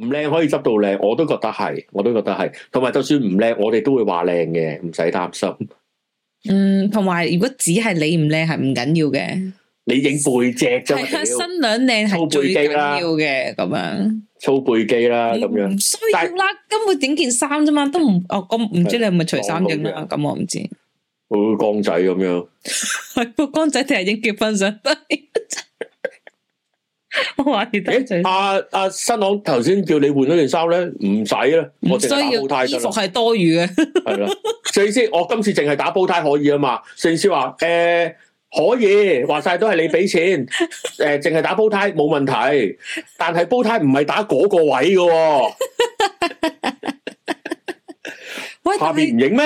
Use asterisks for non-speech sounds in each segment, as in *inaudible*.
唔靚可以執到靚，我都覺得係，我都覺得係。同埋就算唔靚，我哋都會話靚嘅，唔使擔心。嗯，同埋如果只係你唔靚，係唔緊要嘅。你影背脊啫嘛，新娘靚係最緊要嘅咁樣。操背肌啦咁樣，唔需要啦，根本整件衫啫嘛，都唔哦咁，唔知你係咪除衫影啦？咁我唔知。好似光仔咁樣，係光仔定係影結婚相？誒， *laughs* 阿阿、啊啊、新郎頭先叫你換咗件衫咧，唔使啦，我淨需要煲呔。衫係多餘嘅。 *laughs* 係啦，靜先，我今次淨係打煲呔可以啊嘛？靜先話誒，可以，話晒都係你俾錢，誒、 *laughs* 欸，淨係打煲呔冇問題。但係煲呔唔係打嗰個位嘅、哦。 *laughs* 喂，下邊唔影咩？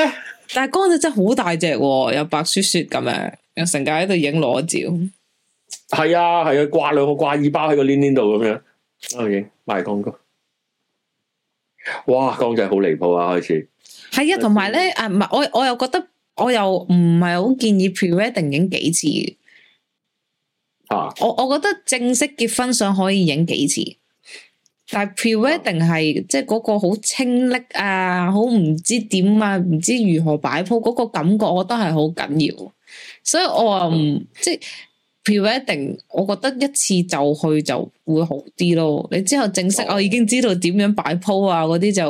但係江仔真係好大隻、哦，有白雪雪咁樣，有成家喺度影裸照。係啊，係啊，掛兩個掛耳包喺個鏈鏈度咁樣，啱嘅，賣廣告，哇，光仔好離譜啊，開始。係啊，同埋咧，誒，唔係，我我又覺得我又唔係好建議 pre wedding 影幾次。啊。我我覺得正式結婚相可以影幾次，但 pre wedding 係即係嗰個好清瀝啊，好唔知點啊，唔知,、啊、知如何擺鋪嗰、那個感覺，我覺得係好緊要，所以我啊唔、嗯、即係。Pre-wedding，我覺得一次就去就會好啲咯。你之後正式我、哦啊、已經知道點樣擺鋪啊，嗰啲就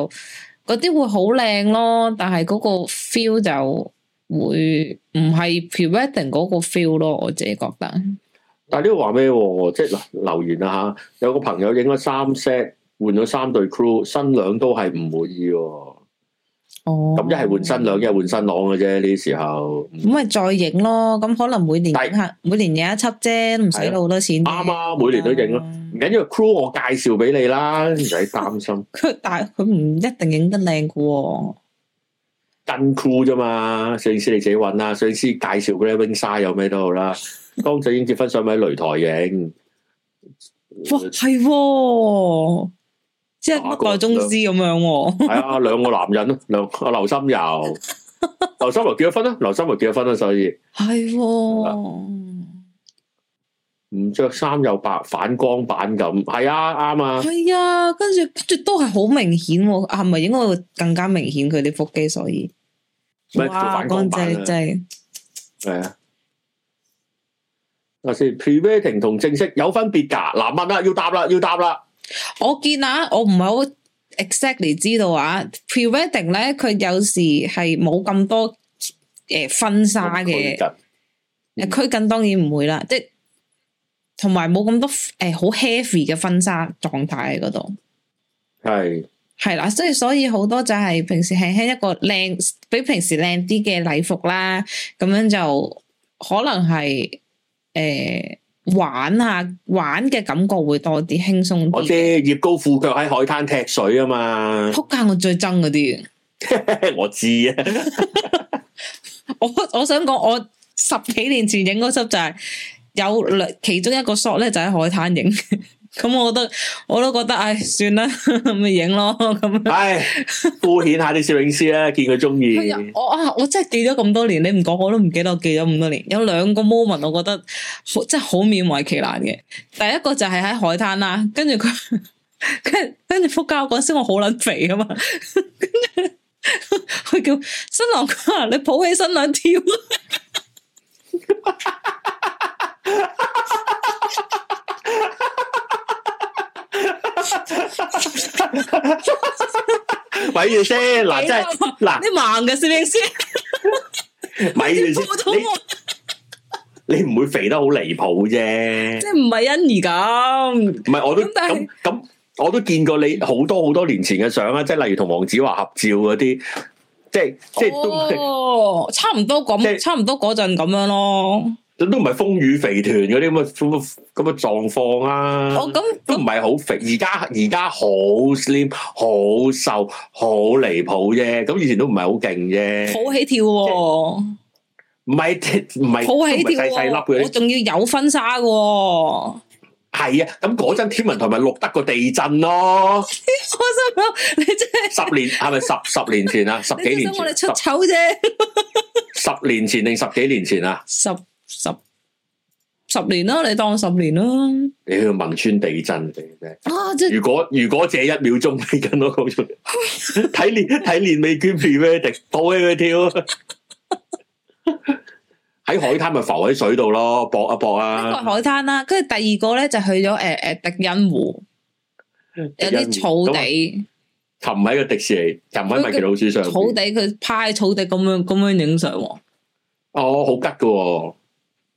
嗰啲會好靚咯。但係嗰個 feel 就會唔係 Pre-wedding 嗰個 feel 咯，我自己覺得。但係呢個話咩、啊？即係嗱留言啊吓，有個朋友影咗三 set，換咗三對 crew，新娘都係唔滿意。哦，咁一係換新娘，一係換新郎嘅啫，呢時候，咁咪再影咯，咁可能每年影每年影一輯啫，唔使攞好多錢。啱啱每年都影咯，唔緊要，crew 我介紹俾你啦，唔使擔心。佢 *laughs* 但係佢唔一定影得靚噶、哦，跟 crew 啫嘛，攝影師你自己搵啦，攝影師介紹嗰啲 wing sir 有咩都好啦。江俊英結婚想喺擂台影，係 *laughs* 喎、嗯。即係一代宗師咁樣，係啊，兩個, *laughs* 個男人咯，兩劉心柔， *laughs* 劉心柔結咗婚啦，劉心柔結咗婚啦，所以係唔、哦啊、着衫又白反光板咁，係啊，啱啊，係啊，跟住住都係好明顯，係咪應該會更加明顯佢啲腹肌？所以咩反光板咧？係啊，嗱，先 preparing 同正式有分別噶，嗱，問啦，要答啦，要答啦。我見啊，我唔係好 exactly 知道啊。pre-wedding 咧，佢有時係冇咁多誒婚紗嘅，誒、呃嗯、拘謹當然唔會啦，即係同埋冇咁多誒好、呃、heavy 嘅婚紗狀態喺嗰度。係。係啦，所以所以好多就係平時係喺一個靚，比平時靚啲嘅禮服啦，咁樣就可能係誒。呃玩下玩嘅感覺會多啲輕鬆啲，我啲越高褲腳喺海灘踢水啊嘛，撲街，我最憎嗰啲，我知啊道， *laughs* 我我想講我十幾年前影嗰輯就係、是、有兩其中一個 shot 咧就喺海灘影。咁我覺得我都覺得唉，算啦，咁咪影咯，咁唉， *laughs* 敷衍下啲攝影師啦，見佢中意。我啊，我真係記咗咁多年，你唔講我都唔記得，我記咗咁多年。有兩個 moment，我覺得我真好真係好勉為其難嘅。第一個就係喺海灘啦，跟住佢跟跟住復教嗰時，我好撚肥啊嘛，佢 *laughs* 叫新郎哥你抱起新娘跳。 *laughs* *laughs* 咪住先，嗱，即係嗱，你盲嘅先先，喂 *laughs* 住你， *laughs* 你唔會肥得好離譜啫，即係唔係欣宜咁，唔係我都咁咁，我都見過你好多好多年前嘅相啊，即係例如同黃子華合照嗰啲，即係即係都差唔多咁，差唔多嗰陣咁樣咯。都唔係風雨肥團嗰啲咁嘅咁嘅狀況啊！哦、咁都唔係好肥，而家而家好 slim，好瘦，好離譜啫。咁以前都唔係好勁啫。好起跳喎、哦，唔係唔係抱起跳、哦，細細粒嗰啲我仲要有婚紗嘅、哦。係啊，咁嗰陣天文台咪錄得個地震咯。我心諗你真係十年係咪十十年前啊？十幾年前我哋出醜啫。 *laughs* 十年前定十幾年前啊？十。十十年啦，你當十年啦，你去汶川地震啊！即係如果如果借一秒鐘俾更多嗰出睇 *laughs* 年睇年尾 jumping 起佢跳喺 *laughs* 海灘咪浮喺水度咯，搏一搏啊！呢個海灘啦，跟住第二個咧就去咗誒誒迪欣湖，有啲草地，沉喺個迪士尼，沉喺米奇老鼠上草地，佢趴喺草地咁樣咁樣影相。哦，好吉嘅。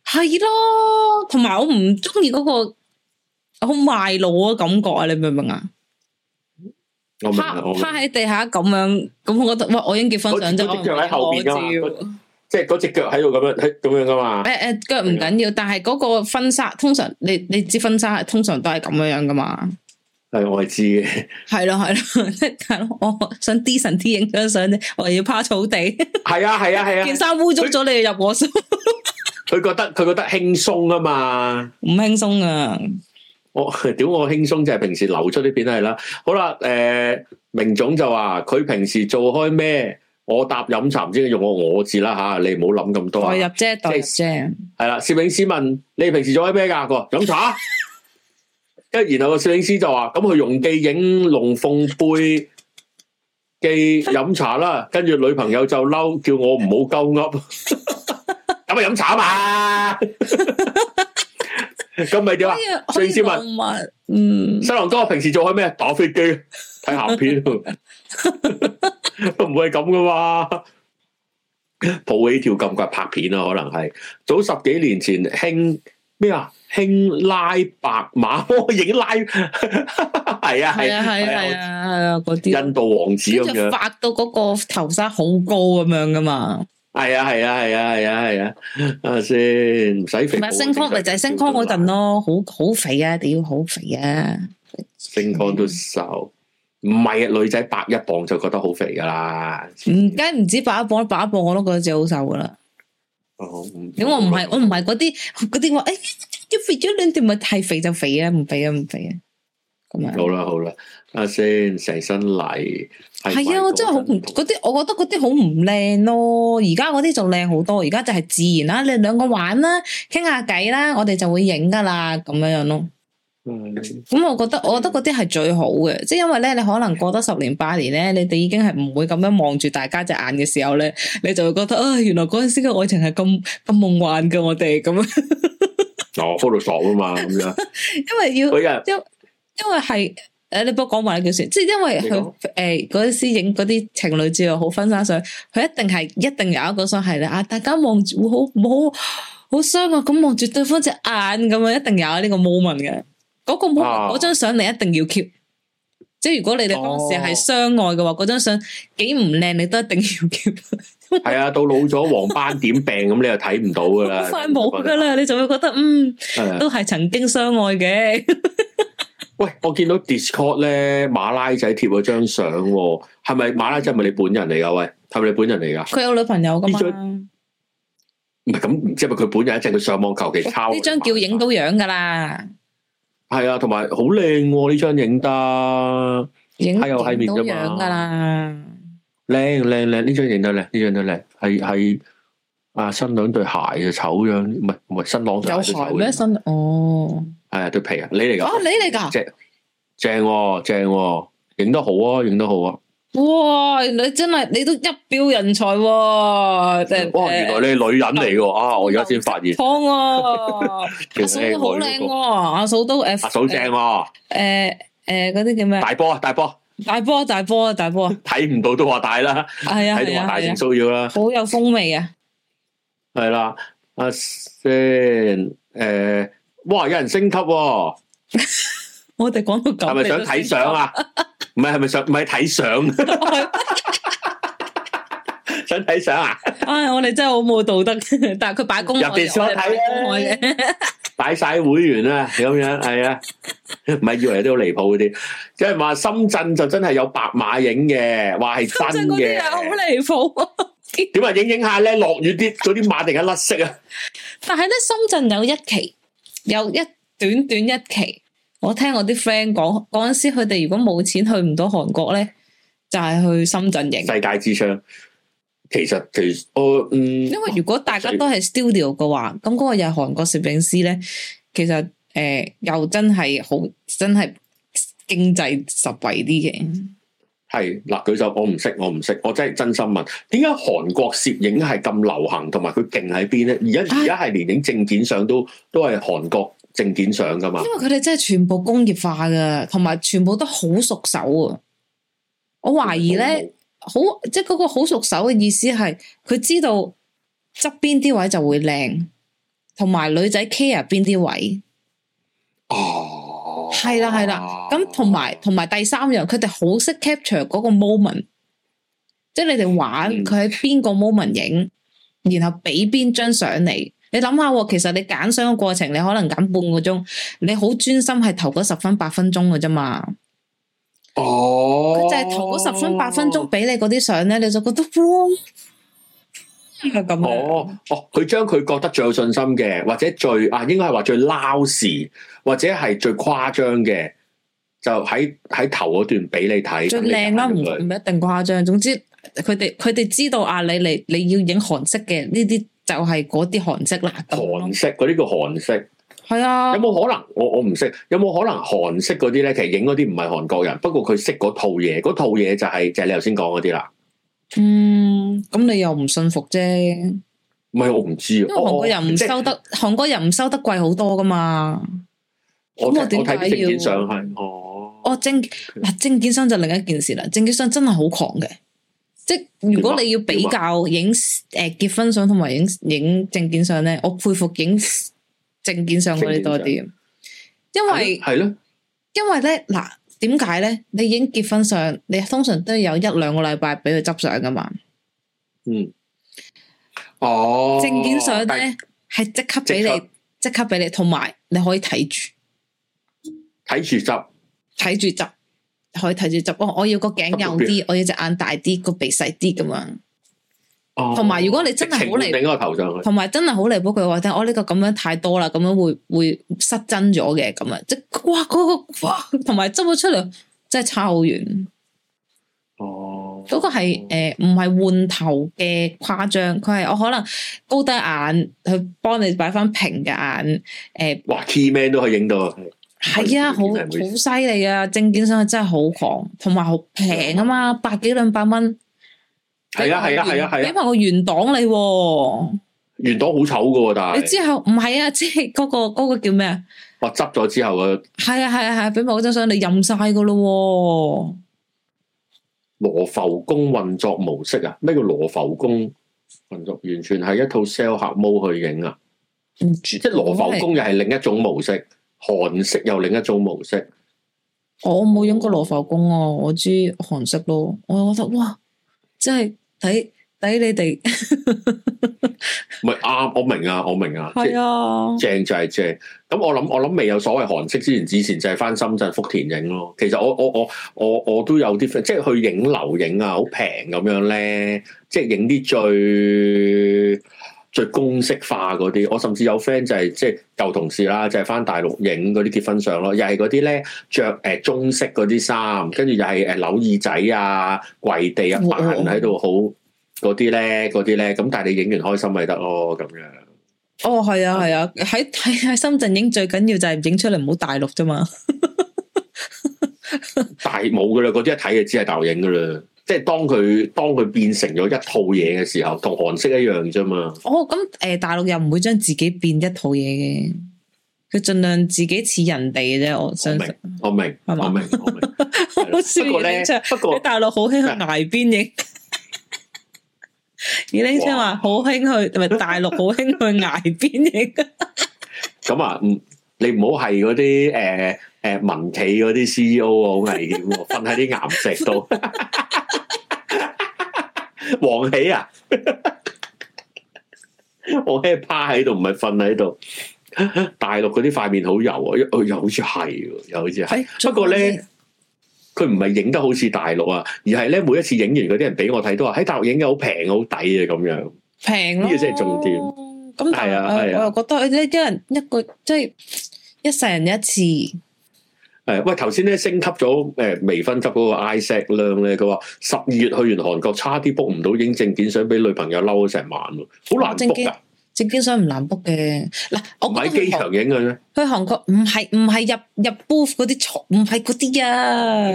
係咯，同埋我唔中意嗰個好賣路嘅感覺啊！你明唔明啊？趴趴喺地下咁樣，咁我覺得，喂，我影結婚相，隻腳喺後邊噶即係嗰隻腳喺度咁樣，喺咁樣噶嘛？誒誒，腳唔緊要，但係嗰個婚紗通常，你你知婚紗通常都係咁樣樣噶嘛？係，我係知嘅。係咯係咯係，我想 D 神啲影張相咧，我要趴草地。係啊係啊係啊，件衫污糟咗，你入我數。佢覺得佢覺得輕鬆啊嘛，唔輕鬆啊！我屌 *laughs* 我輕鬆就係平時流出啲片都係啦。好啦，誒、呃、明總就話佢平時做開咩？我答飲茶唔知先用我我字啦吓、啊，你唔好諗咁多、啊。代入啫，代、就是、入啫。係啦，攝影師問你平時做開咩噶？佢話飲茶。跟 *laughs* 然後個攝影師就話：，咁佢容記影龍鳳杯記飲茶啦。 *laughs* 跟住女朋友就嬲，叫我唔好鳩噏。 *laughs* 咁咪飲茶啊嘛，咁咪點啊？上次問，嗯，新郎哥平時做開咩？打飛機、睇鹹片，唔係咁噶嘛？抱起條咁鬼拍片啊，可能係早十幾年前興咩啊？興拉白馬，影拉係啊係啊係啊係啊，嗰啲、啊啊啊啊、印度王子咁樣，發到嗰個頭紗好高咁樣噶嘛？係啊係啊係啊係啊係啊，係咪先唔使肥？唔係升 call 咪就係升 call 嗰陣咯，好、嗯、好肥啊，點好肥啊？肥升 call 都瘦，唔係啊，女仔百一磅就覺得好肥噶啦。唔梗唔止百一磅，百一磅我都覺得自己好瘦噶啦。哦，咁我唔係、嗯、我唔係嗰啲嗰啲話，誒，要、哎、肥咗兩段咪太肥就肥啊，唔肥啊，唔肥啊。樣好啦好啦，睇下先，成身泥係啊！真係好唔嗰啲，我覺得嗰啲好唔靚咯。而家嗰啲仲靚好多，而家就係自然啦。你兩個玩啦，傾下偈啦，我哋就會影噶啦，咁樣樣咯。嗯，咁我覺得，我覺得嗰啲係最好嘅，即係因為咧，你可能過咗十年八年咧，你哋已經係唔會咁樣望住大家隻眼嘅時候咧，你就會覺得啊、哎，原來嗰陣時嘅愛情係咁咁夢幻嘅，我哋咁。哦，就 Photoshop 啊嘛，咁樣， *laughs* 因為要，因為係誒，你唔好講埋啲叫算，即係因為佢誒嗰啲私影嗰啲情侶照啊，好婚紗相，佢一定係一定有一個相係咧啊！大家望住好，好，好相愛、啊，咁望住對方隻眼咁啊，一定有呢個 moment 嘅。嗰、嗰個 moment，嗰張相你一定要 keep、啊。即係如果你哋當時係相愛嘅話，嗰張相幾唔靚，你都一定要 keep。係啊，到老咗 *laughs* 黃斑點病咁，你又睇唔到噶啦，快冇噶啦，你就覺你會覺得嗯，都係曾經相愛嘅。 *laughs* 喂，我見到 Discord 咧，馬拉仔貼咗張相，係咪馬拉仔係咪你本人嚟噶？喂，係咪你本人嚟噶？佢有女朋友噶嘛？唔係咁，即係佢本人一直，佢上網求其抄。呢張叫影到樣噶啦。係啊，同埋好靚喎，呢張影得，哎、又係面啫嘛。靚靚靚，呢張影得靚，呢張得靚，係係啊，新娘對鞋就醜樣，唔係唔係新郎有鞋咩？新，醜醜新哦。係、啊、對皮啊，你嚟㗎？啊，你嚟㗎？正正、啊、正、啊，影得好啊，影得好啊！哇，你真係你都一表人才喎、啊！哇，原來你女人嚟㗎、呃、啊,啊！我而家先發現，方阿嫂好靚啊！ *laughs* 阿嫂都誒、啊，啊、嫂,阿嫂正誒、啊、誒，嗰、啊、啲、呃呃、叫咩？大波大波大波大波大波，睇唔 *laughs* 到都話大啦，係啊，睇到話大成、啊、騷擾啦、啊啊，好有風味啊！係、啊、啦，阿先誒。啊啊啊哇！有人升級，我哋講到咁，係咪想睇相啊？唔係，係咪想？唔係睇相，想睇相啊！唉，我哋真係好冇道德，但係佢擺公，入邊所睇咯，擺晒 *laughs* 會員啊，咁樣係啊，唔係以為都好離譜嗰啲，即係話深圳就真係有白馬影嘅，話係真嘅，好離譜啊！點 *laughs* 啊，影影下咧，落雨啲，嗰啲馬定係甩色啊！但係咧，深圳有一期。有一短短一期，我聽我啲 friend 講，嗰陣時佢哋如果冇錢去唔到韓國咧，就係、是、去深圳影，世界之窗，其實其實我、哦、嗯，因為如果大家都係 studio 嘅話，咁嗰個又係韓國攝影師咧，其實誒、呃、又真係好真係經濟實惠啲嘅。係嗱，舉手我唔識，我唔識，我真係真心問，點解韓國攝影係咁流行，同埋佢勁喺邊咧？而家而家係連影證件相都都係韓國證件相噶嘛、啊？因為佢哋真係全部工業化㗎，同埋全部都好熟手。啊。我懷疑咧，好即係嗰個好熟手嘅意思係，佢知道側邊啲位就會靚，同埋女仔 care 邊啲位。係啦，係啦，咁同埋同埋第三樣，佢哋好識 capture 嗰個 moment，即係你哋玩佢喺邊個 moment 影，然後俾邊張相嚟。你諗下，其實你揀相嘅過程，你可能揀半個鐘，你好專心係投嗰十分八分鐘㗎啫嘛。哦，佢就係投嗰十分八分鐘俾你嗰啲相咧，你就覺得哇！個咁哦哦，佢、哦、將佢覺得最有信心嘅，或者最啊，應該係話最撈事，或者係最誇張嘅，就喺喺頭嗰段俾你睇。最靚啦、啊，唔唔一定誇張。總之，佢哋佢哋知道啊，你你你要影韓式嘅呢啲，就係嗰啲韓式啦。韓式嗰啲叫韓式，係啊。有冇可能？我我唔識。有冇可能韓式嗰啲咧？其實影嗰啲唔係韓國人，不過佢識嗰套嘢，嗰套嘢就係、是、就係、是、你頭先講嗰啲啦。嗯，咁你又唔信服啫？唔係我唔知啊。因為韓國人唔收得，韓國人唔收得貴好多噶嘛。我我睇證件相係哦。哦證嗱證件相就另一件事啦。證件相真係好狂嘅，即係如果你要比較影誒、啊欸、結婚相同埋影影證件相咧，我佩服影證件相嗰啲多啲。因為係咯、啊，因為咧嗱。啊點解咧你已經結婚相，你通常都有一兩個禮拜俾佢執相噶嘛？嗯。哦。證件相咧係即刻俾你，即刻俾你，同埋你可以睇住，睇住執，睇住執，可以睇住執。我要個頸幼啲，我要隻眼大啲，個鼻細啲咁樣。同、哦、埋如果你真係好離，同埋真係好離譜，佢話聽我呢、哦呢個咁樣太多啦，咁樣會會失真咗嘅咁啊！即係哇嗰個哇，同埋執咗出嚟，真係差好遠。哦，嗰、嗰個係唔係換頭嘅誇張，佢係我可能高低眼去幫你擺翻平嘅眼誒。哇、呃、！Keyman 都可以影到係啊，係、嗯、啊，好好犀利啊！證件相真係好狂，同埋好平啊嘛，嗯、百幾兩百蚊。係啊係啊係啊係啊！俾埋個原檔你，原檔好醜噶，但係你之後唔係啊，即係嗰個、嗰個叫咩、哦、啊？我執咗之後啊，係啊係啊係！俾埋嗰張相你，任晒噶咯。羅浮宮運作模式啊？咩叫羅浮宮運作？完全係一套 sell 客 model 去影啊！嗯、即係羅浮宮又係另一種模式，韓、嗯、式又另一種模式。我冇影過羅浮宮哦、啊，我知韓式咯，我又覺得哇～即係睇睇你哋 *laughs* ，唔係啱，我明啊，我明啊，係啊，正就係正。咁我諗我諗未有所謂韓式之前，之前就係翻深圳福田影咯。其實我我我我我都有啲即係去影樓影啊，好平咁樣咧，即係影啲最。最公式化嗰啲，我甚至有 friend 就係即係舊同事啦，就係、是、翻大陸影嗰啲結婚相咯，又係嗰啲咧着誒中式嗰啲衫，跟住又係誒、呃、扭耳仔啊、跪地啊、扮喺度好嗰啲咧，啲咧咁，但係你影完開心咪得咯咁樣。哦，係啊，係啊，喺喺喺深圳影最緊要就係影出嚟唔好大陸啫嘛， *laughs* 大冇噶啦，嗰啲一睇就只係大陸影噶啦。即係當佢當佢變成咗一套嘢嘅時候，同韓式一樣啫嘛。哦，咁誒，大陸又唔會將自己變一套嘢嘅，佢盡量自己似人哋嘅啫。我相信，我明我明我明。不過咧，不過大陸好興去崖邊影。 *laughs* 啊、 *laughs* 而呢層話好興去咪？ *laughs* 大陸好興去崖邊影。咁 *laughs* 啊，唔，你唔好係嗰啲誒誒民企嗰啲 C E O 啊，好危險，瞓喺啲岩石度。 *laughs* 黃喜啊！我 *laughs* 喺趴喺度，唔係瞓喺度。大陸嗰啲塊面好油啊，又好似係，又好似係。不過咧，佢唔係影得好似大陸啊，而係咧每一次影完嗰啲人俾我睇，都話喺大陸影嘅好平，好抵啊，咁樣平咯。呢個真係重點。咁但係、係啊係啊、我又覺得一啲人一個即係一世人，人一次。誒喂，頭先咧升級咗誒微分級嗰個 Iset 量咧，佢話十二月去完韓國，差啲 book 唔到影證件相，俾女朋友嬲咗成晚喎，好難 book 噶。證件相唔難 book 嘅，嗱，我講緊去機場影佢啫。去韓國唔係唔係入入 booth 嗰啲牀，唔係嗰啲啊，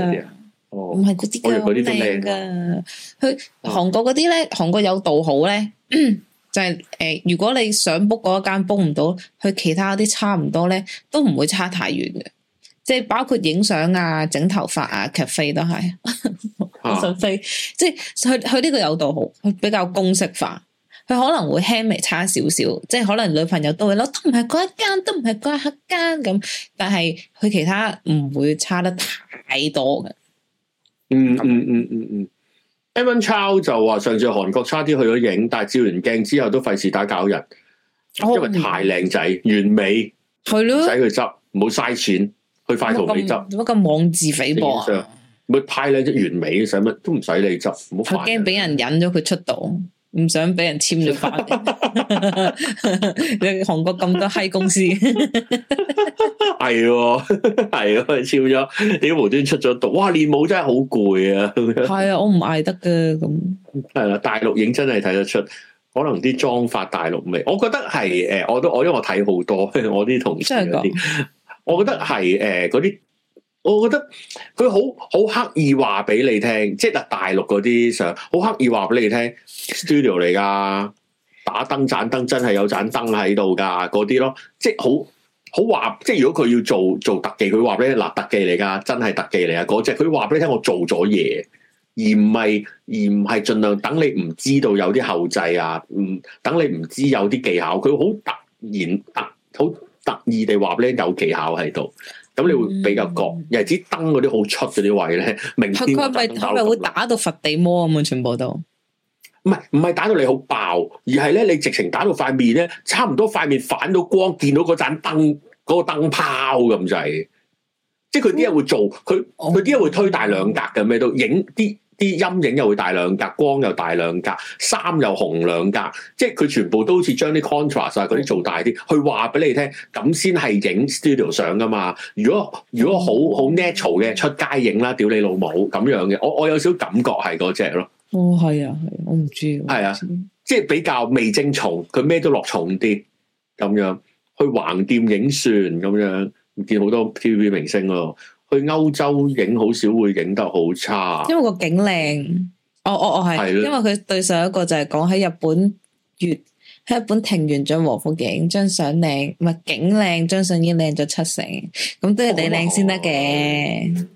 唔係嗰啲。我入嗰啲都靚噶，去韓國嗰啲咧，韓國有道好咧， *coughs* 就係、是、誒、呃，如果你想 book 嗰間 book 唔到，去其他啲差唔多咧，都唔會差太遠嘅。即係包括影相啊、整頭髮啊、咖啡都係，都 *laughs* 想飛。啊、即係佢佢呢個有度好，佢比較公式化。佢可能會輕微差少少，即係可能女朋友都會攞，都唔係嗰一間，都唔係嗰一間咁。但係佢其他唔會差得太多嘅。嗯嗯嗯嗯嗯，Evan Chow 就話上次韓國差啲去咗影，但係照完鏡之後都費事打攪人、哦，因為太靚仔完美，係咯，使佢執唔好嘥錢。佢快逃你執，乜咁妄自菲薄咪派你即完美，使乜都唔使你執，好快。我驚俾人引咗佢出道，唔想俾人簽咗翻。你 *laughs* *laughs* 韓國咁多閪公司 *laughs* ，係係佢超咗，你無端出咗道。哇！練舞真係好攰啊！咁係啊，我唔捱得嘅咁。係啦，大陸影真係睇得出，可能啲妝髮大陸味。我覺得係誒，我都我因為我睇好多，我啲同事我覺得係誒，嗰啲，我覺得佢好好刻意話俾你聽，即係嗱，大陸嗰啲相，好刻意話俾你聽，studio 嚟㗎，打燈盞燈真係有盞燈喺度㗎嗰啲咯，即係好好話，即係如果佢要做做特技，佢話俾你嗱、啊、特技嚟㗎，真係特技嚟啊嗰隻，佢話俾你聽我做咗嘢，而唔係而唔係盡量等你唔知道有啲後製啊，唔、嗯、等你唔知有啲技巧，佢好突然突好。啊很特意地話呢，有技巧喺度，咁你會比較覺，嗯、尤其啲燈嗰啲好出嗰啲位咧，明係咪會打到佛地魔咁樣，全部都，唔係唔係打到你好爆，而係咧你直情打到塊面咧，差唔多塊面反到光，見到嗰盞燈嗰個燈泡咁就係，即係佢啲人會做，佢佢啲人會推大兩格嘅，咩都影啲。啲陰影又會大兩格，光又大兩格，衫又紅兩格，即係佢全部都好似將啲 contrast 嗰啲做大啲、嗯，去話俾你聽，咁先係影 studio 相㗎嘛。如果如果好好、嗯、natural 嘅出街影啦，屌你老母咁樣嘅，我我有少少感覺係嗰隻咯。哦，係啊，係啊，我唔知。係啊，即係比較未正重，佢咩都落重啲咁樣，去橫店影算咁樣，見好多 TVB 明星咯。.去歐洲影好少會影得好差，因為個景靚，哦哦哦係，因為佢對上一個就係講喺日本，月喺日本庭園張和服景張相靚，唔係景靚張相已經靚咗七成，咁都係你靚先得嘅，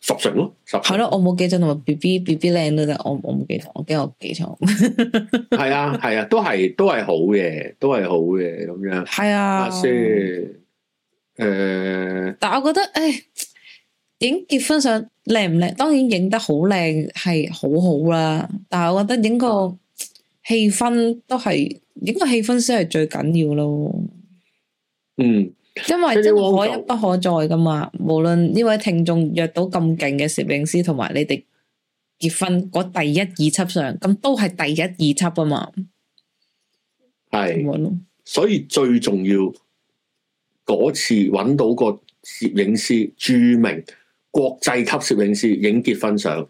十成咯，十係咯，我冇記錯同埋 B B B B 靚都得，我我冇記錯，我驚我，我記錯，係啊係啊，都係都係好嘅，都係好嘅咁樣，係啊，先。誒、嗯，但我覺得，誒，影結婚相靚唔靚？當然影得好靚係好好啦。但係我覺得影個氣氛都係影個氣氛先係最緊要咯。嗯，因為真係可一不可再噶嘛。嗯，無論呢位聽眾約到咁勁嘅攝影師，同埋你哋結婚嗰第一二輯相，咁都係第一二輯啊嘛。係咁樣咯，所以最重要。嗰次揾到個攝影師，著名國際級攝影師影結婚相，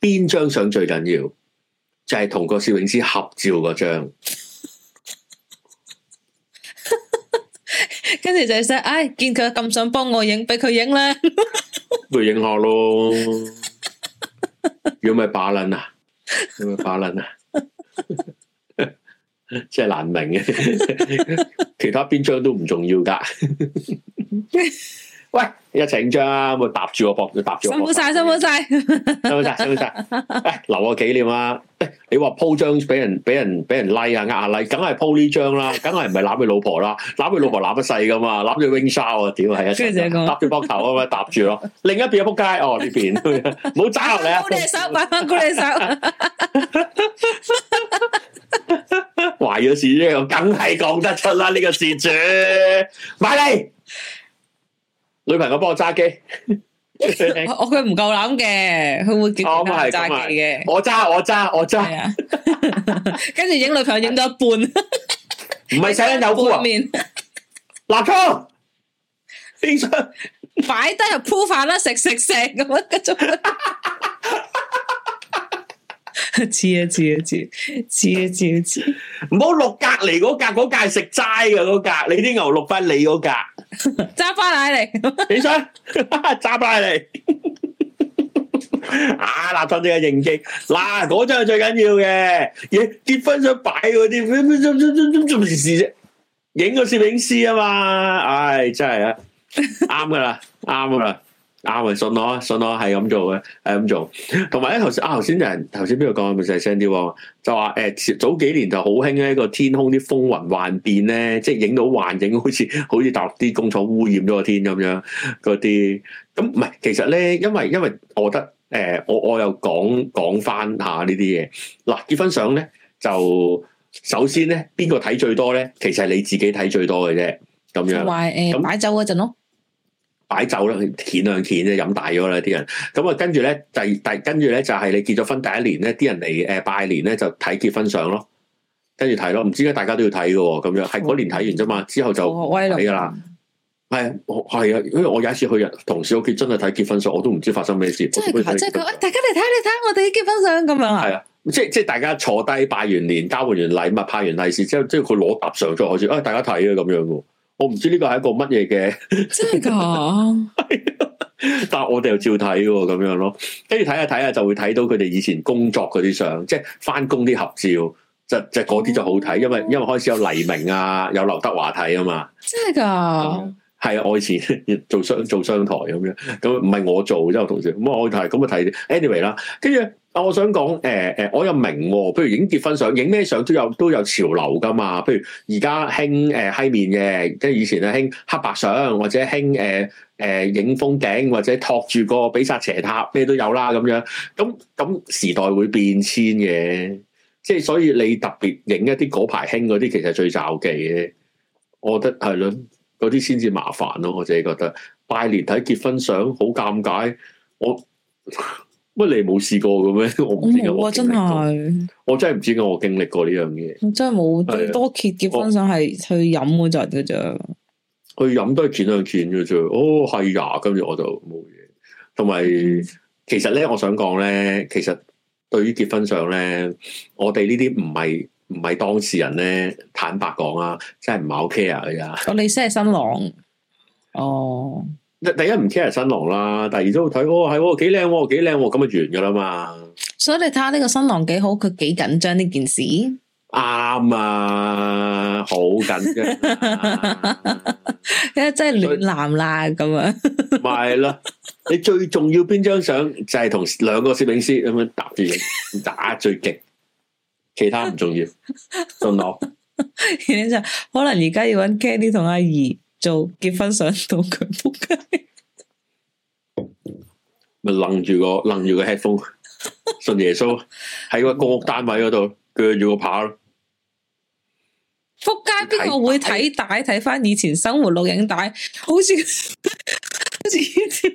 邊張相最緊要？就係同個攝影師合照嗰張。跟 *laughs* 住就係唉、哎，見佢咁想幫我影，俾佢影啦，佢 *laughs* 影下咯，有果咩把捻啊，有果把捻啊。即係難明嘅，其他邊張都唔重要噶。喂，一整張咪搭住個膊，就搭住。辛苦晒，辛苦晒，辛苦晒，辛苦晒。留我紀念啊？你話鋪張俾人，俾人，俾人拉、like 啊，啊，哦、啊，啊，壓下拉，梗係鋪呢張啦，梗係唔係攬佢老婆啦，攬佢老婆攬得細噶嘛，攬住 wing shot 啊，係搭住膊頭啊，咪搭住咯。另一邊仆街，哦呢邊，冇揸落嚟啊。恭喜晒，恭喜手。 *laughs* 壞咗事啫，我梗係講得出啦！呢個事主，埋嚟女朋友幫我揸機，我佢唔夠膽嘅，佢會叫人揸機嘅。我揸，我揸，我揸。跟住影女朋友影到一半，唔係死乞到夫啊！嗱哥，冰箱擺低入鋪飯啦，食食食咁樣繼續。知啊知啊知知啊知啊知，唔好落隔籬嗰格，嗰格係食齋嘅嗰格，你啲牛落翻你嗰格，揸翻奶嚟，點 *laughs* 算？揸翻嚟，啊！立檔你嘅影技，嗱，嗰張係最緊要嘅，咦？結婚想擺嗰啲，做咩事啫？影個攝影師啊嘛，唉、哎，真係啊，啱噶啦，啱噶啦。 *laughs* 啱、啊、咪信我信我係咁做嘅，係咁做。同埋咧，頭先啊，頭先人頭先邊度講啊？咪細聲啲，就話誒、欸，早幾年就好興咧，個天空啲風雲幻變咧，即係影到幻影，好似好似大陸啲工廠污染咗個天咁樣嗰啲。咁唔係，其實咧，因為因為我覺得誒、欸，我我又講講翻下呢啲嘢。嗱，結婚相咧就首先咧，邊個睇最多咧？其實係你自己睇最多嘅啫。咁樣同埋誒，擺酒嗰陣咯。擺酒啦，欠量欠啫，飲大咗啦啲人。咁啊，跟住咧，第第跟住咧，就係、就是、你結咗婚第一年咧，啲人嚟誒、呃、拜年咧，就睇結婚相咯，跟住睇咯。唔知解，大家都要睇嘅，咁樣係嗰、哦、年睇完啫嘛。之後就睇噶啦。係、哦，係、哎、啊，因為我有一次去同事屋企，真係睇結婚相，我都唔知道發生咩事。即係噶，係噶、哎，大家嚟睇嚟睇，你睇我哋結婚相咁樣。係啊，即係即係大家坐低拜完年，交換完禮物，派完利是，即係即係佢攞沓相出。好似啊大家睇啊咁樣。我唔知呢個係一個乜嘢嘅，真係噶，但係我哋又照睇喎，咁樣咯，跟住睇下睇下就會睇到佢哋以前工作嗰啲相，即係翻工啲合照，就就嗰啲就好睇，因為因為開始有黎明啊有劉，有劉德華睇啊嘛，真係噶。係啊，我以前做商做商台咁樣，咁唔係我做，即係我同事。咁我係咁啊睇，anyway 啦。跟住，我想講誒誒，我又明，不如影結婚相，影咩相都有都有潮流噶嘛。譬如而家興誒嘿面嘅，跟住以前啊興黑白相，或者興誒誒影風景，或者托住個比薩斜塔，咩都有啦咁樣。咁咁時代會變遷嘅，即係所以你特別影一啲嗰排興嗰啲，其實最罩忌嘅。我覺得係咯。嗰啲先至麻煩咯，我自己覺得拜年睇結婚相好尷尬。我乜你冇試過噉咩？我冇啊！真係我真係唔知我經歷過呢樣嘢。我真係冇，最多結結婚相係、啊、去飲嗰陣得咋啫。去飲都係轉兩轉嘅啫。哦，係呀、啊。跟住我就冇嘢。同埋其實咧，我想講咧，其實對於結婚相咧，我哋呢啲唔係。唔係當事人咧，坦白講啊，真係唔係 OK 啊，佢、哦、啊。我你先係新郎，哦。第一唔 care 新郎啦，第二都睇，哦係，幾靚、哦，幾靚、哦，咁、哦、就完噶啦嘛。所以你睇下呢個新郎幾好，佢幾緊張呢件事。啱啊，好緊張，因為真係亂男啦咁啊。唔 *laughs* 係 *laughs* 你最重要邊張相就係同兩個攝影師咁樣搭住影 *laughs* 打最勁。其他唔重要，信 *laughs* 我都拿。然 *laughs* 就可能而家要揾 Kenny 同阿姨做結婚相到佢撲街，咪愣住個愣住個 headphone，信耶穌喺 *laughs* 個公屋單位嗰度鋸住個扒。撲街邊個會睇帶睇翻 *laughs* 以前生活錄影帶？好似 *laughs* 好似以前，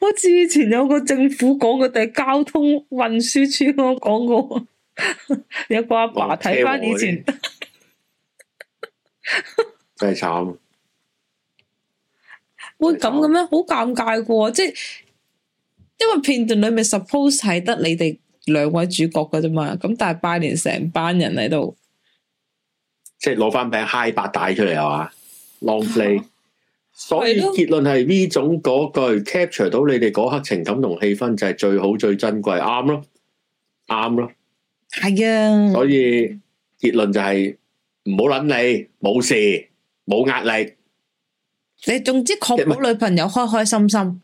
好似以前有個政府講嘅，定係交通運輸處我講過。 *laughs* 有個阿爸睇翻以前真係慘 *laughs* 會咁嘅咩？好尷尬嘅，即係因為片段裏面 suppose 係得你哋兩位主角嘅啫嘛。咁但係拜年成班人喺度，即係攞翻餅 high 八帶出嚟啊！浪 *laughs* 費，所以結論係呢種嗰句 capture 到你哋嗰刻情感同氣氛就係最好最珍貴，啱咯，啱咯。係啊，所以結論就係唔好諗你，冇事，冇壓力。你總之確保女朋友開開心心，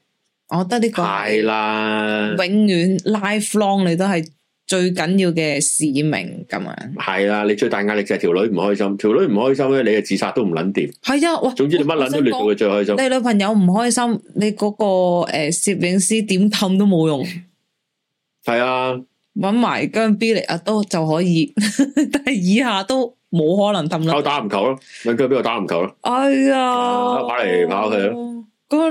我覺得呢個係。係啦，永遠 life long 你都係最緊要嘅使命咁樣。係啦，你最大壓力就係條女唔開心，條女唔開心咧，你啊自殺都唔捻掂。係啊，哇！總之你乜捻都令到佢最開心。你女朋友唔開心，你嗰個誒攝影師點氹都冇用。係啊。搵埋姜 B 嚟啊，都就可以，但係以下都冇可能抌啦，哎。我打籃球咯，搵姜 B 又打籃球咯。哎呀，跑，啊，嚟跑去咯，咁，啊，樣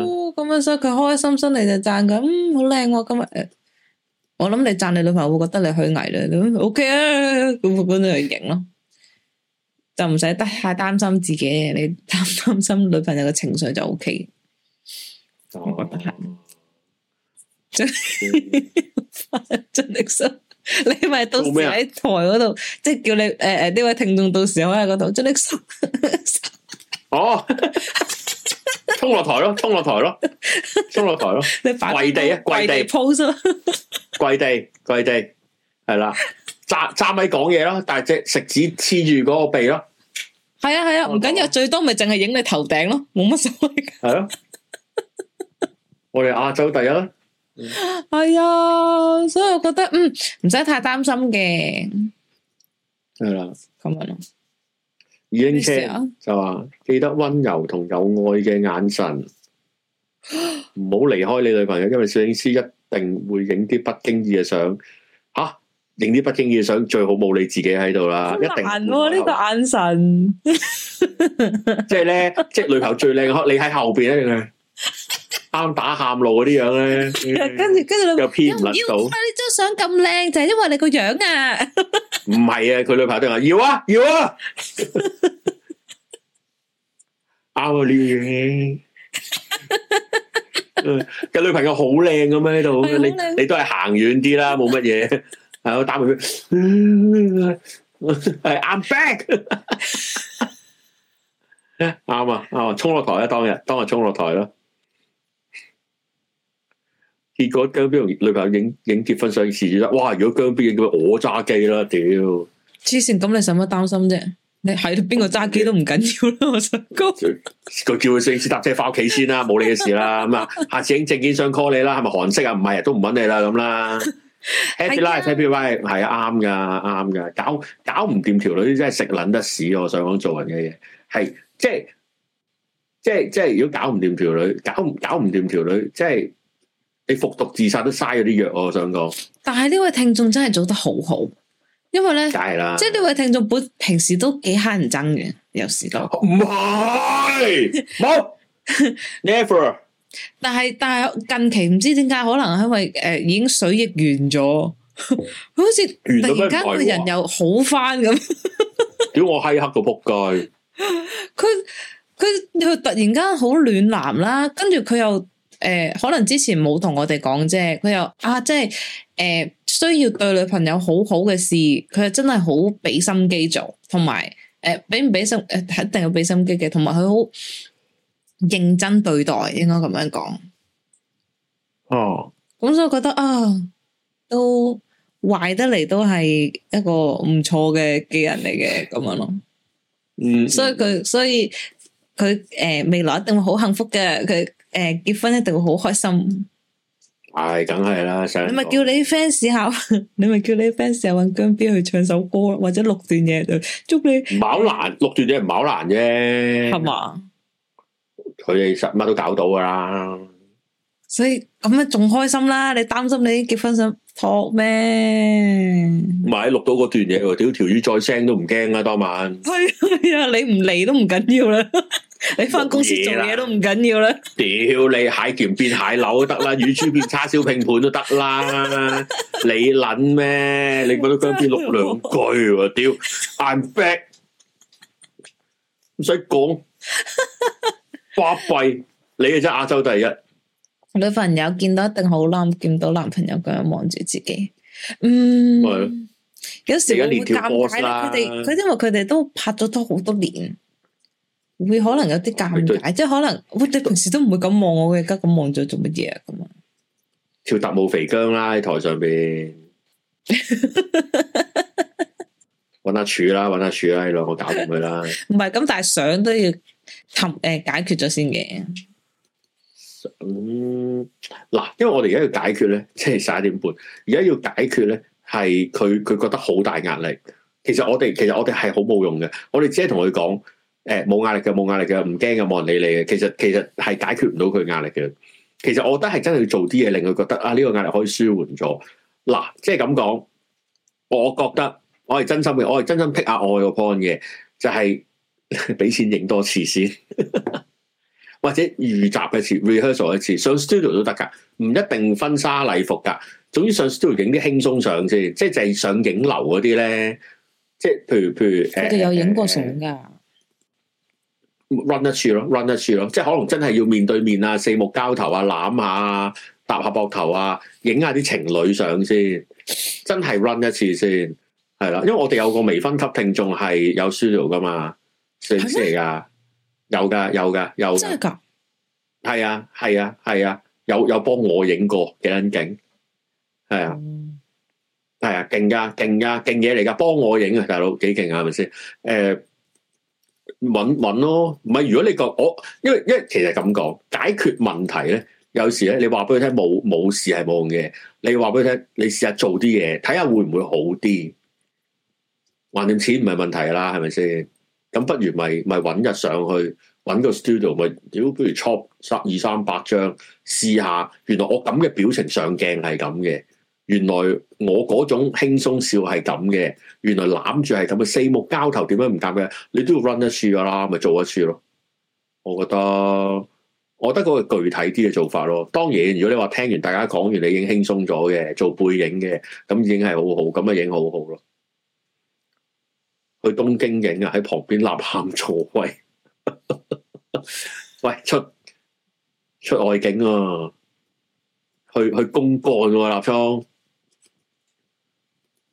咯，咁樣先佢開心心嚟就讚佢，嗯，好靚啊今日。我諗你讚你女朋友會覺得你虛偽啦，咁 OK 啊，咁我咁樣型咯，啊，就唔使得太擔心自己，你擔，擔心女朋友嘅情緒就 OK，啊。我覺得係，真，嗯。 *laughs* 真力生，你咪到時喺台嗰度，即係叫你誒誒呢位聽眾到時開喺嗰度。真力生，哦，衝落台咯，衝落台咯，衝落台咯。你跪地啊，跪地 pose 咯，跪地跪地係啦，揸揸咪講嘢咯，但係隻食指黐住嗰個鼻咯。係啊係啊，唔緊、啊、要，最多咪淨係影你頭頂咯，冇乜所謂。係咯、啊， *laughs* 我哋亞洲第一啦。係啊，所以我覺得嗯，唔使太擔心嘅。係啦，咁樣咯。影車就話記得温柔同有愛嘅眼神，唔好離開你女朋友，因為攝影師一定會影啲不經意嘅相。吓，影啲不經意嘅相最好冇你自己喺度啦。一定呢個眼神，即係咧，即係女朋友最靚，可你喺後邊咧，靚。啱打喊路嗰啲樣咧， *laughs* 跟住跟住又偏唔到。哇、啊！你張相咁靚，就係因為你個樣啊。唔 *laughs* 係啊，佢女朋友都話要啊，要啊、 *laughs* *laughs* *laughs* *laughs* *laughs* 嗯。啱啊呢樣。個女朋友好靚噶咩？呢度咁樣，你你都係行遠啲啦，冇乜嘢。係我打埋佢。係 I'm back、 *laughs* *laughs* *laughs* 嗯。啱、嗯、啊，啊、嗯、衝落台啦，當日當日衝落台咯。結果姜邊女朋友影影結婚相試，哇！如果姜邊影嘅，我揸機啦，屌黐線！咁你使乜擔心啫？你喺邊個揸機都唔緊要啦，我想。佢叫佢先搭車翻屋企先啦，冇你嘅事啦。咁啊，下次影證件相 call 你啦，係咪韓式啊？唔係都唔搵你啦咁啦。Happy life happy life，係啱噶，啱噶。搞搞唔掂條女真係食撚得屎，我想講做人嘅嘢係即係即係即係，如果搞唔掂條女，搞唔搞唔掂條女，即係。你服毒自殺都嘥咗啲藥，啊，我想講。但係呢位聽眾真係做得好好，因為咧，梗係啦，即係呢位聽眾本平時都幾乞人憎嘅，有時都唔係冇 never，但係但係近期唔知點解，可能係因為、呃、已經水逆完咗， *laughs* 好似突然間個人又好返咁。屌我閪黑到仆街，佢佢佢突然間好暖男啦，跟住佢又。誒、呃，可能之前冇同我哋講啫，佢又啊，即係誒、呃，需要對女朋友好好嘅事，佢係真係好俾心機做，同埋誒，俾唔俾心誒，一定要俾心機嘅，同埋佢好認真對待，應該咁樣講。哦，咁所以我覺得啊，都壞得嚟都係一個唔錯嘅嘅人嚟嘅，咁樣咯。嗯、mm -hmm.，所以佢所以。佢誒未來一定會好幸福嘅，佢誒結婚一定會好開心。係、哎，梗係啦。你咪叫你 fans 考， *laughs* 你咪叫你 fans 揾姜斌去唱首歌，或者錄段嘢，就祝你。唔係好難，錄段嘢唔係好難啫，係嘛？佢哋實乜都搞到噶啦。所以咁樣仲開心啦！你擔心你結婚想托咩？唔係，錄到嗰段嘢喎，屌條魚再聲都唔驚啦！當晚係啊， *laughs* *laughs* 你唔嚟都唔緊要啦。 *laughs* 你翻公司、啊、做嘢都唔緊要啦，屌你蟹鉗變蟹柳都得啦，乳 *laughs* 豬變叉燒拼盤都得啦 *laughs* 什、 *laughs* 啊， *laughs* *laughs* 你捻咩？你見到薑變六兩句喎，屌，I'm fat，唔使講，巴閉，你係真亞洲第一。女朋友見到一定好冧，見到男朋友咁樣望住自己，嗯，就是、有時會尷尬啦。佢哋，佢因為佢哋都拍咗拖好多年。會可能有啲尷尬，即係可能我哋、哎、平時都唔會咁望我嘅，而家咁望咗做乜嘢啊？咁啊，跳 tap 舞肥姜啦，喺台上邊，搵 *laughs* 阿柱啦，搵阿柱啦，喺兩個搞掂佢啦。唔係咁，但係相都要誒、呃、解決咗先嘅。咁嗱，因為我哋而家要解決咧，即係十一點半，而家要解決咧，係佢佢覺得好大壓力。其實我哋其實我哋係好冇用嘅，我哋只係同佢講。誒、哎，冇壓力嘅，冇壓力嘅，唔驚嘅，冇人理你嘅。其實其實係解決唔到佢壓力嘅。其實我覺得係真係要做啲嘢，令佢覺得啊，呢、這個壓力可以舒緩咗。嗱，即係咁講，我覺得我係真心嘅，我係真心 pick 下我個 point 嘅，就係、是、俾 *laughs* 錢影多次先， *laughs* 或者預習一次，rehearsal 一次，上 studio 都得噶，唔一定婚紗禮服噶，總之上 studio 影啲輕鬆相先，即係就係上影樓嗰啲咧，即係譬如譬如誒，我哋有影過相噶。run 一次咯，run 一次咯，即係可能真係要面對面啊，四目交投啊，攬下下啊，搭下膊頭啊，影下啲情侶相先，真係 run 一次先，係啦，因為我哋有個微醺級聽眾係有 studio 噶嘛，係咪嚟噶？有噶，有噶，有真係噶？係啊，係啊，係啊，有有幫我影過幾撚景，係啊，係、嗯、啊，勁噶，勁噶，勁嘢嚟噶，幫我影啊，大佬幾勁啊，係咪先？誒。穩穩咯，唔係、啊、如果你覺得我，因為因為其實咁講，解決問題咧，有時咧你話俾佢聽冇冇事係冇用嘅，你話俾佢聽，你試下做啲嘢，睇下會唔會好啲。還定錢唔係問題啦，係咪先？咁不如咪咪穩日上去，搵個 studio 咪屌，不如 chop 十二三百張試下，原來我咁嘅表情上鏡係咁嘅。原來我嗰種輕鬆笑係咁嘅，原來攬住係咁嘅，四目交投點樣唔夾嘅，你都要 run 一次㗎啦，咪做一次咯。我覺得，我覺得嗰個具體啲嘅做法咯。當然，如果你話聽完大家講完你已經輕鬆咗嘅，做背影嘅咁已經係好好，咁咪影好好咯。去東京影啊，喺旁邊吶喊坐威， *laughs* 喂出出外景啊，去去公幹喎、啊，立昌。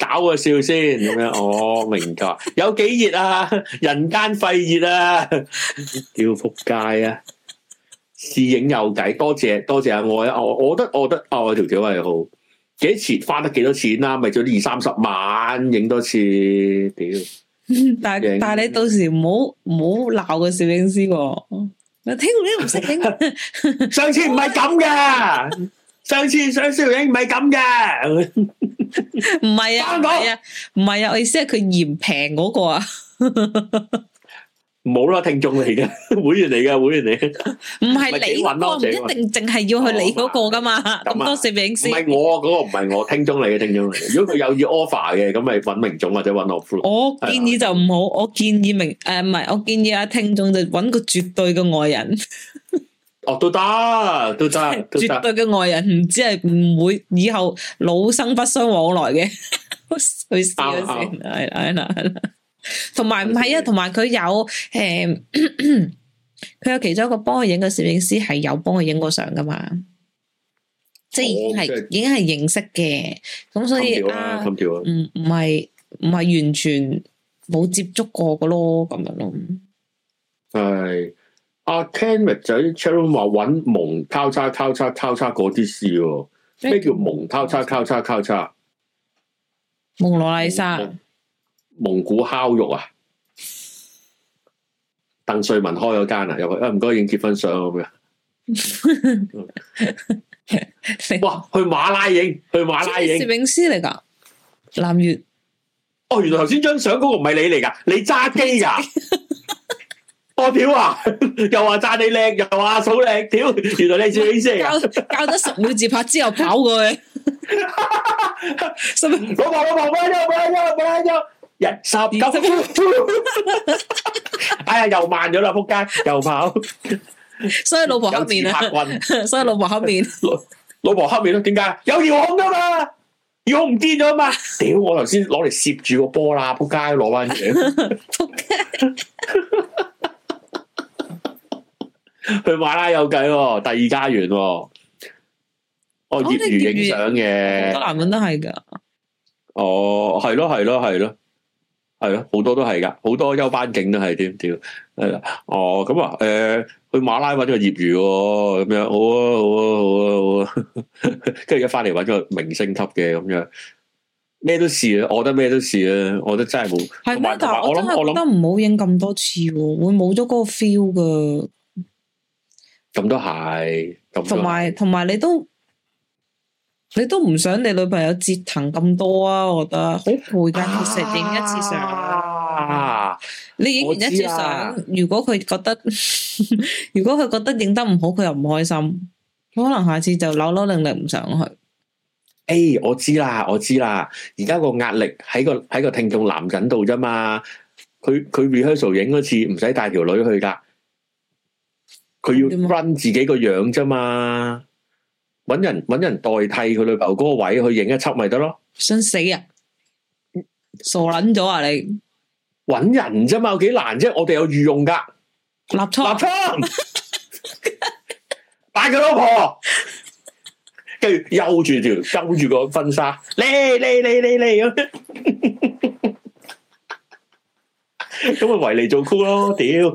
搞個笑先咁樣，我、哦、明白有幾熱啊，人間肺熱啊，屌仆街啊！試影有計，多謝多謝啊我，我我覺得我覺得啊條條係好幾錢花得幾多錢啊咪咗二三十萬影多次屌，但但你到時唔好唔好鬧個攝影師喎、啊，我聽你唔識影，上次唔係咁嘅。 *laughs* 上次上攝影唔係咁嘅，唔係啊，係啊，唔係啊，我意思係佢嫌平嗰個啊，冇啦，聽眾嚟嘅，會員嚟嘅，會員嚟嘅，唔係你嗰個，唔一定淨係要去你嗰個噶嘛，咁多攝影師，唔係我嗰個，唔係我聽眾嚟嘅，聽眾嚟嘅，如果佢有意 offer 嘅，咁咪搵明總或者搵我 full。我建議就唔好，我建議明誒唔係，我建議阿聽眾就搵個絕對嘅外人。哦，都得，都得，絕對嘅外人，唔知係唔會以後老生不相往來嘅。去死啦！係啦，係啦。同埋唔係啊，同埋佢有誒，佢有其中一個幫佢影嘅攝影師係有幫佢影過相噶嘛，即係已經係、哦、已經係認識嘅，咁所以唔唔係唔、啊啊、係、啊嗯、完全冇接觸過嘅咯，咁樣咯。係。阿 Kenneth 仔，Cheryl 話搵蒙烤叉烤叉烤叉嗰啲事，咩叫蒙烤叉烤叉烤叉？蒙羅麗莎，蒙古烤肉啊！鄧瑞 *laughs* 文開咗間啊，又話啊唔該影結婚相咁樣？哇！ *laughs* *laughs* *laughs* *laughs* 去馬拉影，去馬拉影，攝影師嚟噶南粵。哦，原來頭先張相嗰個唔係你嚟噶，你揸機噶、啊。 *laughs* 我、哦、屌啊！又話讚你靚，又話嫂靚，屌！原來你自己先。教咗十秒自拍之後跑過去， *laughs* *laughs* *laughs* 老婆老婆快啲，快啲，快啲！一三九， *laughs* *laughs* 哎呀，又慢咗啦！扑街，又跑。所以老婆黑面啊！ *laughs* 所以老婆黑面。老婆黑面咯？點解？有遙控噶嘛？遙控唔見咗嘛？屌、 *laughs* 哎！我頭先攞嚟攝住個波啦，扑街攞翻嚟。去馬拉有計、哦，第二家園、哦哦，哦，業餘影相嘅，個男人都係噶，哦，係咯，係咯，係咯，係咯，好多都係噶，好多休班警都係點點，係啦，哦，咁啊，誒、欸，去馬拉揾個業餘咁、哦、樣，好啊，好啊，好啊，好啊，跟住而家翻嚟咗個明星級嘅咁樣，咩都試，我覺得咩都試啊，我覺得真係冇，係咩？但我覺得唔好影咁多次，會冇咗嗰個 feel 噶。咁都係，同埋同埋你都你都唔想你女朋友折騰咁多啊！我覺得好攰㗎，其實影一次相，你影完一次相，如果佢覺得如果佢覺得影得唔好，佢又唔開心，可能下次就扭扭擰擰唔上去。誒，我知啦，我知啦，而家個壓力喺個喺個聽眾男緊度啫嘛。佢佢 rehearsal 影一次，唔使帶條女去噶。佢要 run 自己個樣啫嘛，揾人揾人代替佢女朋友嗰個位置去影一輯咪得咯。想死啊！傻撚咗啊！你揾人啫嘛，有幾難啫？我哋有御用噶立昌立昌，扮佢老婆，跟住揪住條揪住個婚紗，嚟嚟嚟嚟嚟咁，咁咪圍你做酷咯，屌！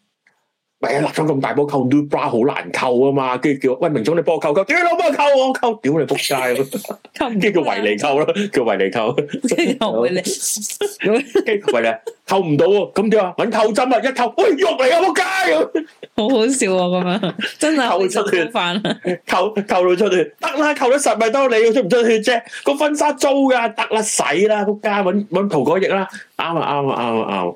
咪、哎、啊！立咗咁大波扣，扣 Nubra 好難扣啊嘛，跟住叫喂明總你幫我扣扣，屌你老母扣我扣，屌你仆街咯！跟住 *laughs* 叫維尼扣啦，叫維尼扣，跟住維尼，維尼扣唔 *laughs* *laughs* 到喎，咁點啊？搵扣針啊，一扣，喂、哎、肉嚟啊！仆街，好好笑啊！咁樣真係扣出血，翻扣出扣，扣到出血，得 *laughs* 啦，扣咗十米多，你，出唔出血啫？個婚紗租噶，得啦，使啦，仆街，搵搵塗改液啦，啱啊，啱啊，啱啊，啱。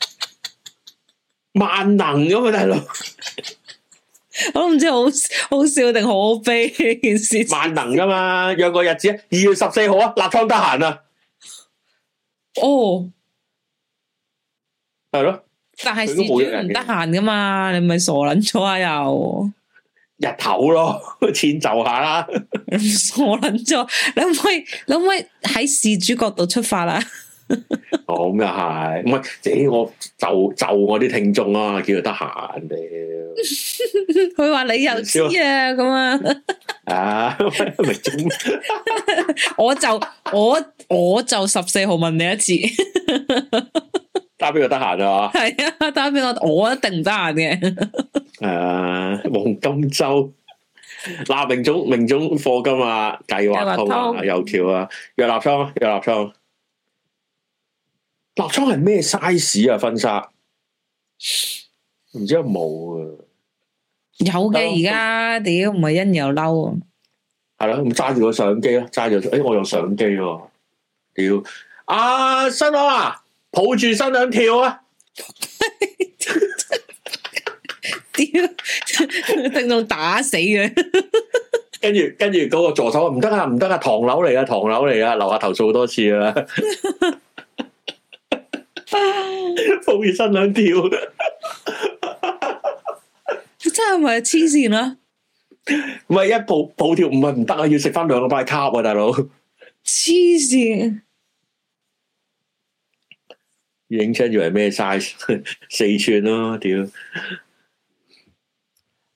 萬能咁嘛，大佬！ *laughs* 我都唔知好好，好好笑定好悲呢件事。萬能噶嘛，約個日子二月十四號啊，立湯得閒啊。哦，係咯。但係事主唔得閒噶嘛，你咪傻捻咗下又。日頭咯，遷就下啦，啊。 *laughs* 傻捻咗，你唔可以，你唔可以喺事主角度出發啦。咁又係，唔係？姐、哎，我就就我啲聽眾啊，叫佢得閒。屌，佢話你又知啊？咁 *laughs* 啊 *laughs* *laughs* *laughs* *laughs* *laughs* *laughs* *laughs* 啊，明總，我就我我就十四號問你一次 *laughs* ，打畀佢得閒啊？係啊，打畀我，我一定唔得閒嘅。係黃金周，嗱，明總，明總，課金啊，計劃套啊，油條啊，約立倉，約立倉。立裝係咩 size 啊？婚紗唔知有冇啊？有嘅而家，屌唔係因為有嬲啊！係啦，咁揸住個相機咯，揸住，誒，我用相機喎、啊，屌！啊！新郎啊，抱住新娘跳啊！屌，正到打死佢 *laughs* 跟住，跟住嗰個助手唔得啊，唔得啊，唐樓嚟啊，唐樓嚟啊，樓下投訴好多次啊！ *laughs* 抱起身想跳、, *laughs* 啊、跳，你真係咪黐線啦？唔係一抱抱跳唔係唔得啊！要食翻兩個拜卡啊，大佬！黐線，影相以為咩 size？四寸咯、啊，屌！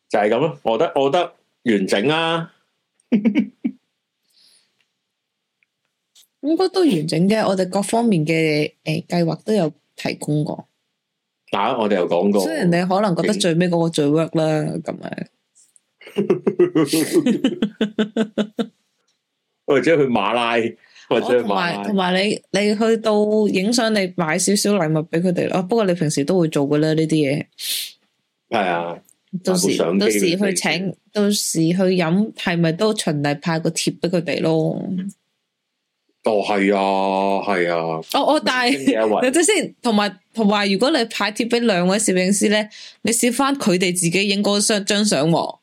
就係咁咯，我覺得我覺得完整啊！ *laughs* 應該都完整嘅，我哋各方面嘅誒計劃都有提供過。嗱、啊，我哋又講過，雖然你可能覺得最尾嗰個最 work 啦，咁樣。 *laughs* *laughs* 或者去馬拉，或者去馬拉，同埋你你去到影相，你買少少禮物俾佢哋咯，不過你平時都會做嘅啦。呢啲嘢。係啊，到時他到時去請，到時去飲，係咪都循例派個貼俾佢哋咯？哦，係啊，係啊。我、哦、我、哦、但係，即係先，同埋同埋，如果你派帖俾兩位攝影師咧，你攝翻佢哋自己影嗰張張相喎。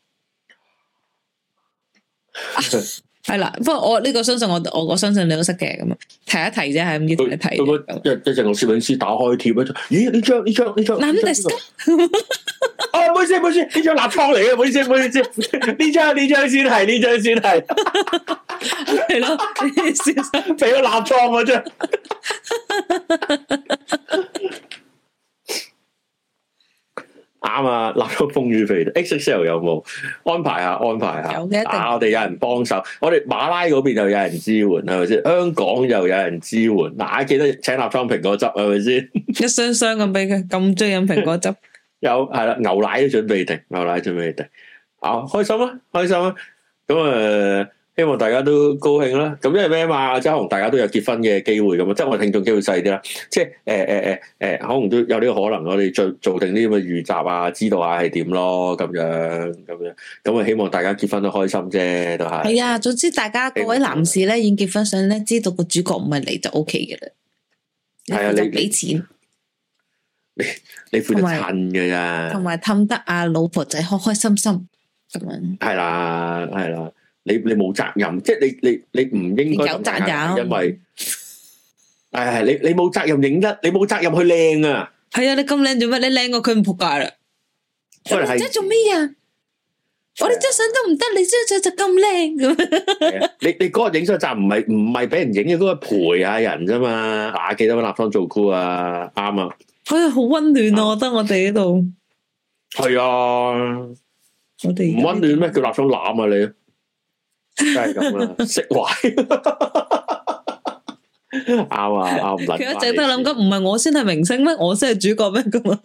*laughs* *laughs* 係啦，不過我呢、這個相信我，我我相信你都識嘅咁啊，提一提啫，係咁要提一提。咁啊，到一一只個攝影師打開貼一、欸、張，咦？呢張呢張呢張，哦，唔、這個 *laughs* 啊、好意思，唔好意思，呢張立倉嚟嘅，唔好意思，唔好意思，呢 *laughs* 張呢張先係呢張先係，係咯，笑死、 *laughs* *laughs* 啊，俾咗立倉嗰啱啊！立足風雨肥，X sell 有冇安排下？安排下，有嘅，一定、啊。我哋有人幫手，我哋馬拉嗰邊又有人支援，係咪先？香港又有人支援，嗱、啊，記得請檸檬蘋果汁係咪先？一箱箱咁俾佢，咁中意飲蘋果汁。 *laughs* 有係啦，牛奶都準備定，牛奶都準備定。啊，開心啊，開心啊，咁、啊、誒。希望大家都高興啦，咁因為咩嘛？阿周紅大家都有結婚嘅機會咁嘛，即係我聽眾機會細啲啦。即係誒誒誒誒，可能都有呢個可能我哋做做定啲咁嘅預習啊，知道啊係點咯，咁樣咁樣，咁啊希望大家結婚都開心啫，都係。係啊，總之大家各位男士咧，已結婚相咧，知道個主角唔係你就 O K 嘅啦。係啊，你俾錢。你你負責襯嘅呀，同埋氹得阿老婆仔開開心心咁樣。係啦、啊，係啦、啊。是啊。你你冇責任，即係你你你唔應該有責任。因為係係你你冇責任影得，你冇責任去靚啊！係啊，你咁靚做咩？你靚過佢唔仆街啦！即係做咩啊？我哋張相都唔得，你張相就咁靚咁。你你嗰個影相就唔係唔係俾人影嘅，嗰、嗰個陪下人啫嘛，打幾多個立雙做 cool 啊，啱啊！佢好溫暖啊，我覺得我哋呢度係啊，我哋唔溫暖咩？叫蠟燭攬啊你。梗係咁啦，食壞啱啊，啱唔佢一直都諗緊，唔 *laughs* 係我先係明星咩？我先係主角咩？噶嘛？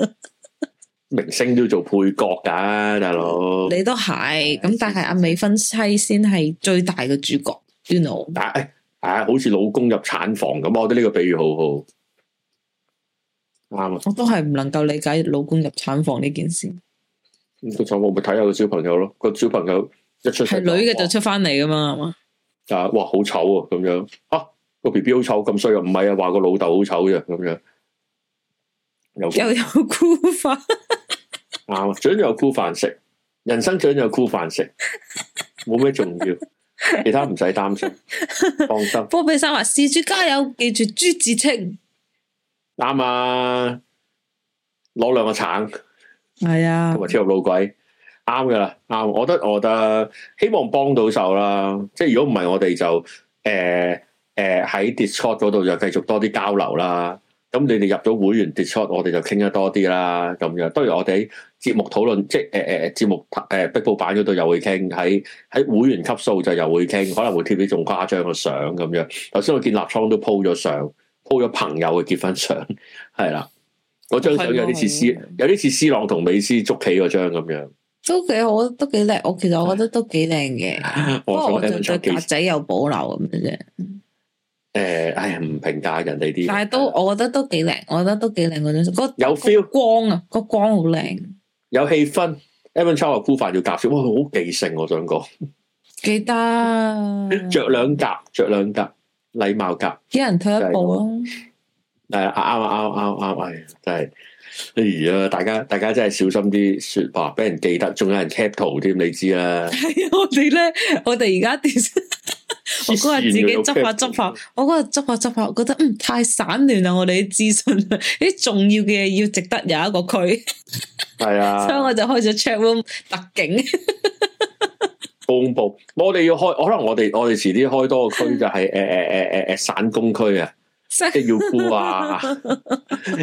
明星都要做配角噶，大佬。你都係咁，但係阿美婚妻先係最大嘅主角。d o n a 好似老公入產房咁，我覺得呢個比喻好好。啱、啊、我都係唔能夠理解老公入產房呢件事。個產房咪睇下個小朋友咯，個小朋友。一出係女嘅就出翻嚟噶嘛，係嘛、啊？啊，哇，好醜啊，咁樣啊個 B B 好醜，咁衰又唔係啊，話個老豆好醜啫，咁樣又又有箍飯啱啊，想有箍飯食，人生想有箍飯食，冇咩重要， *laughs* 其他唔使擔心，放心。科比三話事主加油，記住朱自清啱啊，攞兩個橙係啊，同埋跳入老鬼。啱噶啦，啱，我覺得，我覺得希望幫到手啦。即係如果唔係，我哋就誒誒喺 Discord 嗰度就繼續多啲交流啦。咁你哋入咗會員 Discord，我哋就傾得多啲啦。咁樣，當然我哋喺節目討論，即係誒誒節目誒 BigBoard 度又會傾，喺喺會員級數就又會傾，可能會貼啲仲誇張嘅相咁樣。頭先我見立倉都 po 咗相 po 咗朋友嘅結婚相，係啦，嗰張相有啲似 C，有啲似 C 朗同美斯捉棋嗰張咁樣。都幾好，都幾靚。我其實我覺得都幾靚嘅。 *laughs* 不過我就對格仔有保留咁嘅啫。誒，哎呀，唔評價人哋啲。但係都，我覺得都幾靚。我覺得都幾靚嗰種。有 feel 光啊，個光好靚。有氣氛。Evan Cho 孵化要夾少，哇，好記性我想講。記得、啊。着兩格，着兩格，禮貌格。一人退一步啊！嚟、就是，啱拗啱拗，係，就係。哎呀，大家大家真係小心啲說話，俾人記得，仲有人 cap 圖添，你知啦。係啊， *laughs* 我哋咧，我哋而家電視，我嗰日自己執下執下，我嗰日執下執下，覺得嗯太散亂啦，我哋啲資訊，啲重要嘅要值得有一個區。係 *laughs* 是啊。 *laughs* 所以我就開咗 checkroom 特警。公佈！我哋要開，可能我哋我哋遲啲開多個區就係誒誒誒誒誒散工區啊。呃呃呃呃即 *laughs* 係要箍啊，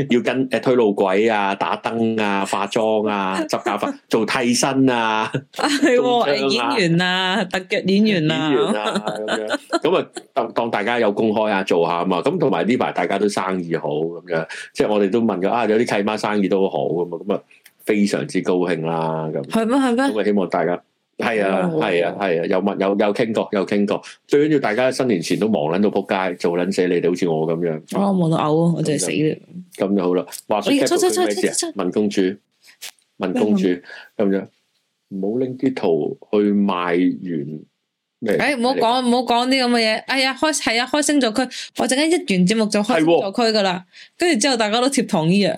要跟誒推路軌啊、打燈啊、化妝啊、執假髮、做替身啊，係 *laughs* 妝、啊、 *laughs* 演員啊、特約演員啊，咁樣咁啊，當 *laughs* 當大家有公開啊做下啊嘛，咁同埋呢排大家都生意好咁樣，即係我哋都問咗啊，有啲契媽生意都好咁啊，咁啊非常之高興啦咁。係咩係咩？咁啊，希望大家。係啊，係啊，係啊，又、啊、問又又傾過，傾過，最緊要大家新年前都忙捻到撲街，做捻死你哋，好似我咁樣。哦，忙到嘔，我真係死啦！咁就好啦，說說說話佢接唔接？問公主，問公主咁樣，唔好拎啲圖去賣完。哎，唔好講唔好講啲咁嘅嘢。哎呀，呀開係啊，開星座區，我陣間一完節目就開星座區噶啦。跟住之後，大家都貼同意啊。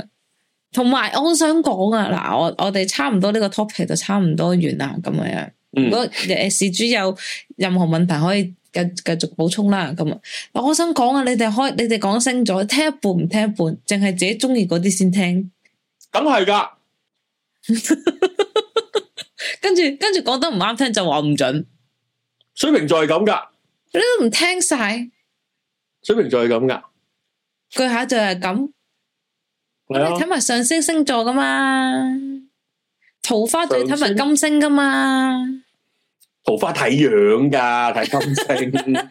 同埋、啊，我想講啊，嗱，我我哋差唔多呢個 topic 就差唔多完啦，咁、嗯、樣。如果誒事主有任何問題，可以繼繼續補充啦。咁，嗱，我想講啊，你哋開，你哋講聲咗，聽一半唔聽一半，淨係自己中意嗰啲先聽。咁係噶。跟住跟住講得唔啱聽就話唔准。水平就係咁噶。你都唔聽晒。水平就係咁噶。句下就係咁。你睇埋上升星座噶嘛？桃花對睇埋金星噶嘛？桃花睇樣噶，睇金星。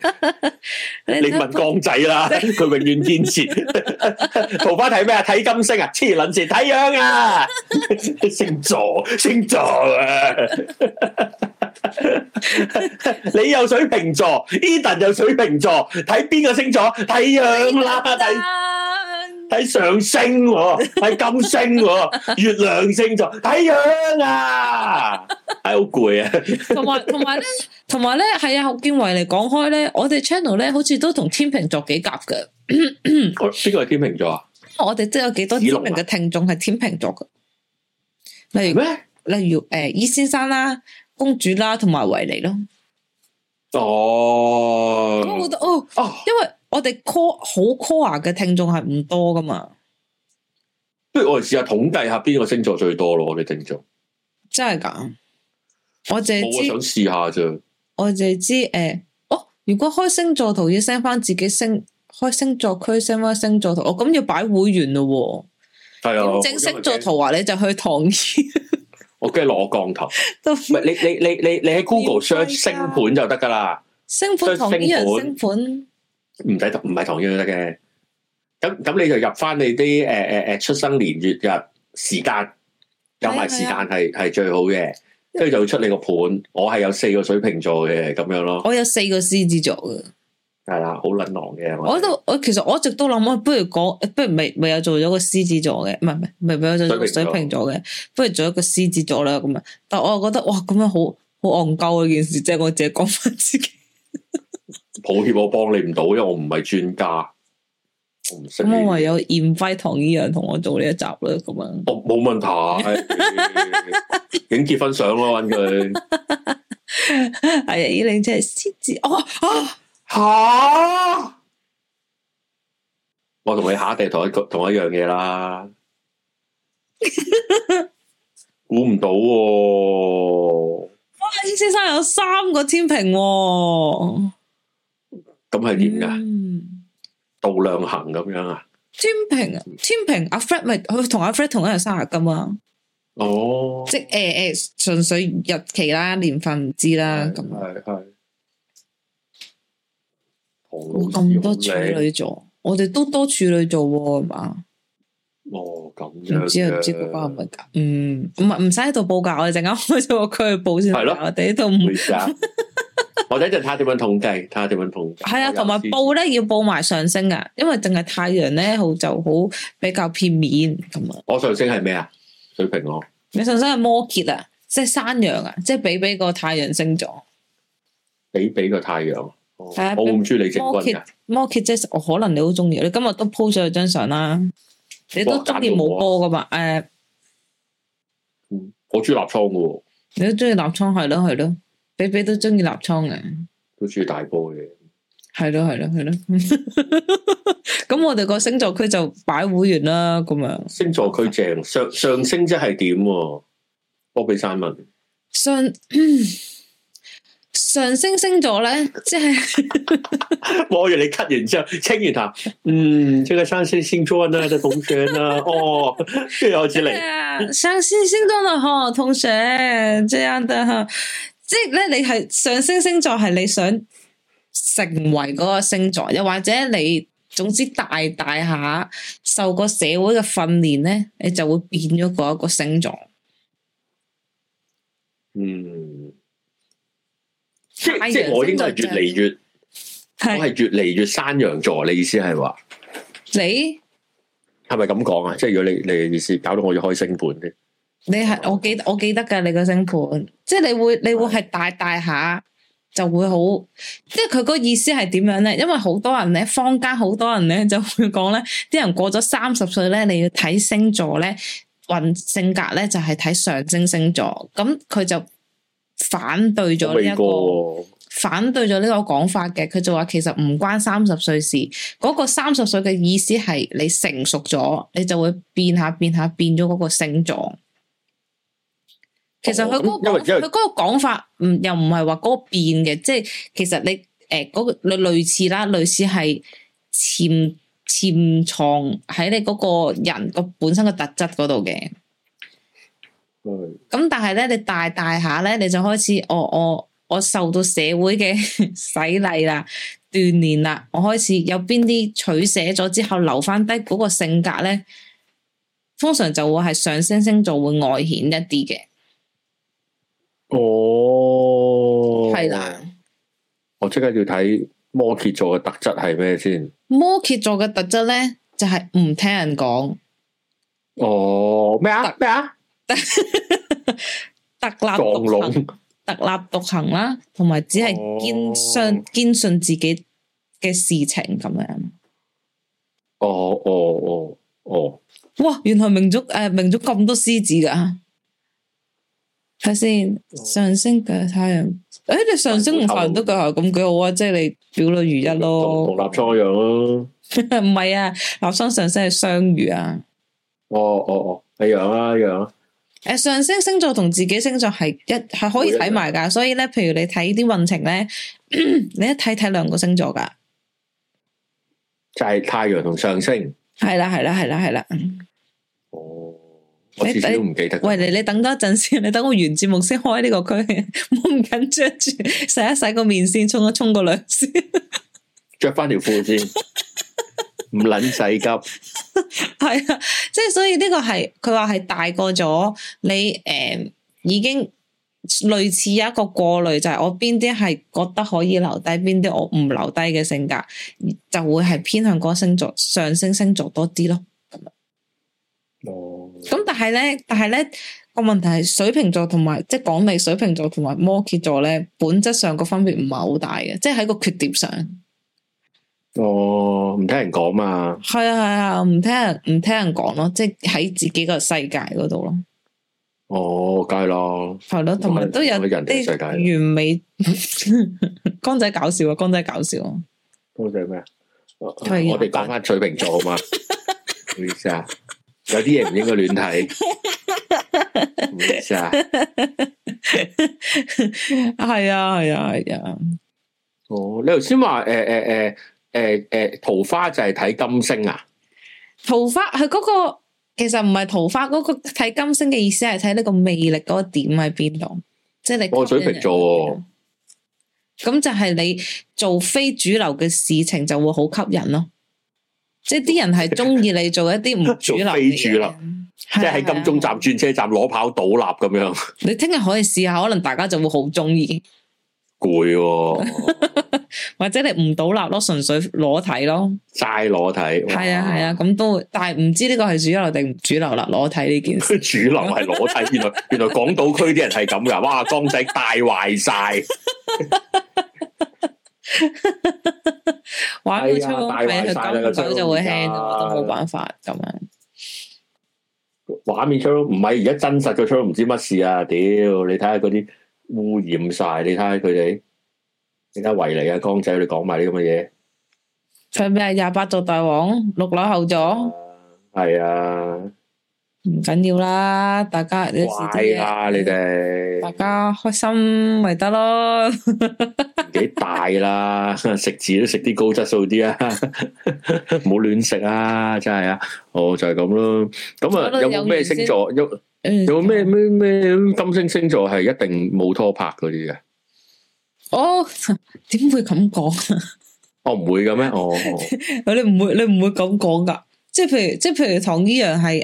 你問江仔啦，佢永遠堅持。桃花睇咩啊？睇金星啊？黐捻線，睇樣啊！星座，星座啊！你有水瓶座，伊頓有水瓶座，睇邊個星座？睇樣啦，睇。睇上升，係金星， *laughs* 月亮星座睇樣啊！睇好攰啊還有！同埋，同埋咧，同埋咧，係啊！何建維嚟講開咧，我哋 channel 咧，好似都同天秤座幾夾嘅。我邊個係天秤座啊？我哋都有幾多知名嘅聽眾係天秤座嘅，啊，例如例如誒，呃，伊先生啦，公主啦，同埋維尼咯。哦，咁我覺得哦，因為。我哋 call 好 call 嘅聽眾係唔多噶嘛？不如我哋試下統計下邊個星座最多咯？我哋聽眾真係咁，我淨係想試下啫。我淨係知誒、欸，哦，如果開星座圖要 send 翻自己星，開星座區 send 翻星座圖，我咁要擺會員咯。係啊，整星座圖話你就去唐二， *laughs* 我驚攞降頭。 *laughs* 唔係你你你你你喺 Google search 星盤就得噶啦，星盤同啲人星盤。唔使讀，唔係同樣得嘅。咁咁，你就入翻你啲誒誒誒出生年月日時間，有埋時間係係最好嘅。跟住就出你個盤。我係有四個水瓶座嘅咁樣咯。我有四個獅子座嘅，係啦、啊，好撚狼嘅。我我，我其實我一直都諗啊，不如講，不如未未有做咗個獅子座嘅，唔係唔係未有做水瓶座嘅，不如做一個獅子座啦咁啊！但係我又覺得哇，咁樣好好戇鳩啊！件事即係我自己講翻自己。 *laughs* 抱歉，我幫你唔到，因為我唔係專家，我唔識，咁唯有艷輝唐伊人同樣我做呢一集啦，咁啊，我冇問題，影結婚相咯，搵佢，係啊，依領姐係獅子，哦啊吓，我同你下一地同一， *laughs* 同一樣嘢啦，估 *laughs* 唔到喎，哇，先生有三個天平喎，啊。咁係點噶？度、嗯、量行咁樣啊？天平啊，天平阿 Fred 咪佢同阿 Fred 同一日生日㗎嘛？哦，即係誒誒，純、欸欸、粹日期啦，年份唔知啦，咁係係。咁、哦、多處女座，我哋都多處女座係嘛？哦，咁樣唔知唔知係咪咁？嗯，唔係唔使喺度報噶，我哋陣間開咗個區去報先。係咯，我哋呢度唔。我睇陣睇下點樣統計，睇下點樣統計。係啊，同埋報咧要報埋上升啊，因為淨係太陽咧好就好比較片面咁啊。我上升係咩啊？水瓶咯。你上升係摩羯啊？即係山羊啊？即係比比個太陽星座。比比個太陽。係啊，我唔中意摩羯。摩羯即係我可能你好中意，你今日都 po 咗佢張相啦。你都鍾意冇波噶嘛？誒，uh, 我中意立倉噶，你都中意立倉，係咯，係咯，比比都中意立倉嘅，都中意大波嘅，係咯，係咯，係咯，咁 *laughs* 我哋個星座區就擺會員啦，咁樣。星座區正上上升即係點？我俾晒問。上。 *coughs* 上升星座咧，即係我以為你咳完之後清完痰，嗯，即係上升星座呢，得凍僵啦，之嗯這個， *laughs* 哦，跟住開始嚟啊，上升星座啦，嗬，同學，即係得即係咧，你係上升星座，係你想成為嗰個星座，又或者你總之大大下受個社會嘅訓練咧，你就會變咗個一個星座，嗯。即係即係，我應該係越嚟越，我係越嚟越山羊座。你意思係話你係咪咁講啊？即係如果你你意思搞到我要開星盤咧？你係我記我記得㗎，你個星盤，即係你會你會係大大下就會好。係即係佢個意思係點樣咧？因為好多人咧，坊間好多人咧就會講咧，啲人過咗三十歲咧，你要睇星座咧運性格咧，就係、是、睇上升星，星座。咁佢就。反對咗呢一個反對咗呢個講法嘅，佢就話其實唔關三十歲事，嗰、那個三十歲嘅意思係你成熟咗，你就會變下變下變咗嗰個性狀。其實佢嗰、那個佢、哦嗯、個講法唔又唔係話嗰個變嘅，即係其實你誒、呃，那個類似啦，類似係潛潛藏喺你嗰個人、那個本身嘅特質嗰度嘅。咁但係咧，你大大下咧，你就開始，哦哦、我我我受到社會嘅洗禮啦、鍛煉啦，我開始有邊啲取捨咗之後，留翻低嗰個性格咧，通常就會係上升星座會外顯一啲嘅。哦，係啦，我即刻要睇摩羯座嘅特質係咩先？摩羯座嘅特質咧，就係、是、唔聽人講。哦，咩啊？咩啊？ *laughs* 特立獨行，特立獨行啦、啊，同埋只係堅信堅信自己嘅事情咁樣。哦哦哦哦！哇，原來明族誒明族咁多獅子㗎，睇先上升嘅太陽。誒、欸，你上升唔太陽都咁好啊，即、就、係、是、你表裏如一咯。同立雙一樣咯，唔係啊，立 *laughs* 雙、啊、上升係雙魚啊。哦哦哦，一樣啦、啊，樣啦、啊。誒，上升星座同自己星座係一係可以睇埋噶所以咧，譬如你睇啲運程咧，你一睇睇兩個星座噶，就係、是、太陽同上升。係啦係啦係啦係啦，哦，我自己都唔記得。喂，你你等多一陣先，你等我完節目先開呢個區，我唔緊張住洗一洗個面先，沖一沖個涼先，着翻條褲先。 *laughs* 唔撚使急，係啊，即係所以呢個係佢話係大個咗，你、嗯、誒已經類似有一個過濾，就係、是、我邊啲係覺得可以留低，邊啲我唔留低嘅性格，就會係偏向嗰個星座，上升星座多啲咯。哦，咁但係咧，但係咧個問題係水瓶座同埋即係講你水瓶座同埋摩羯座咧，本質上個分別唔係好大嘅，即係喺個缺點上。哦，唔聽人講嘛，係啊係啊，唔聽人唔聽人講咯，即係喺自己個世界嗰度咯。哦，梗係咯，係咯，同埋都有，有人世界完美呵呵。光仔搞笑啊，光仔搞笑啊。光仔咩啊？係、啊、我哋講翻水瓶座好嘛？唔 *laughs* 好意思啊，有啲嘢唔應該亂睇。唔 *laughs* *laughs* 好意思啊。係 *laughs* 啊係啊係啊，啊。哦，你頭先話誒誒誒。呃呃呃誒、欸、誒、欸，桃花就係睇金星啊？桃花係嗰、嗰個，其實唔係桃花，嗰個睇金星嘅意思，係睇呢個魅力嗰一點喺邊度？即係你我水瓶座。咁就係你做非主流嘅事情就會好吸引咯。即係啲人係中意你做一啲唔主流嘅，即係喺金鐘站轉、啊、車站攞跑倒立咁樣。你聽日可以試下，可能大家就會好中意。攰、啊， *laughs* 或者你唔倒立咯，純粹裸體咯，齋裸體，係啊係啊，咁、啊、都，但係唔知呢個係主流定唔主流啦，裸體呢件事， *laughs* 主流係裸體， *laughs* 原來原來港島區啲人係咁噶，哇，江仔大壞晒，畫、 *laughs* *laughs* 哎啊、面出，大壞晒，久就會輕，都冇辦法咁樣，畫面出咯，唔係而家真實嘅出，唔知乜事啊，屌， *laughs* 你睇下嗰啲。污染晒，你睇下佢哋，點解圍嚟啊，江仔你講埋啲咁嘅嘢。係咪廿八座大王六樓後座？係啊，唔緊要啦，大家你食啲嘢。乖啦，你哋。大家開心咪得咯。幾大啦，食字都食啲高質素啲啊，唔好亂食啊，真係啊，哦就係咁咯。咁啊，有冇咩星座？有咩咩咩金星星座係一定冇拖拍嗰啲嘅？哦、oh,，點、 *laughs* oh, 會咁講啊？哦、oh, 唔、oh. *laughs* 會嘅咩？哦，你唔會你唔會咁講噶？即係譬如即係譬如唐依陽係誒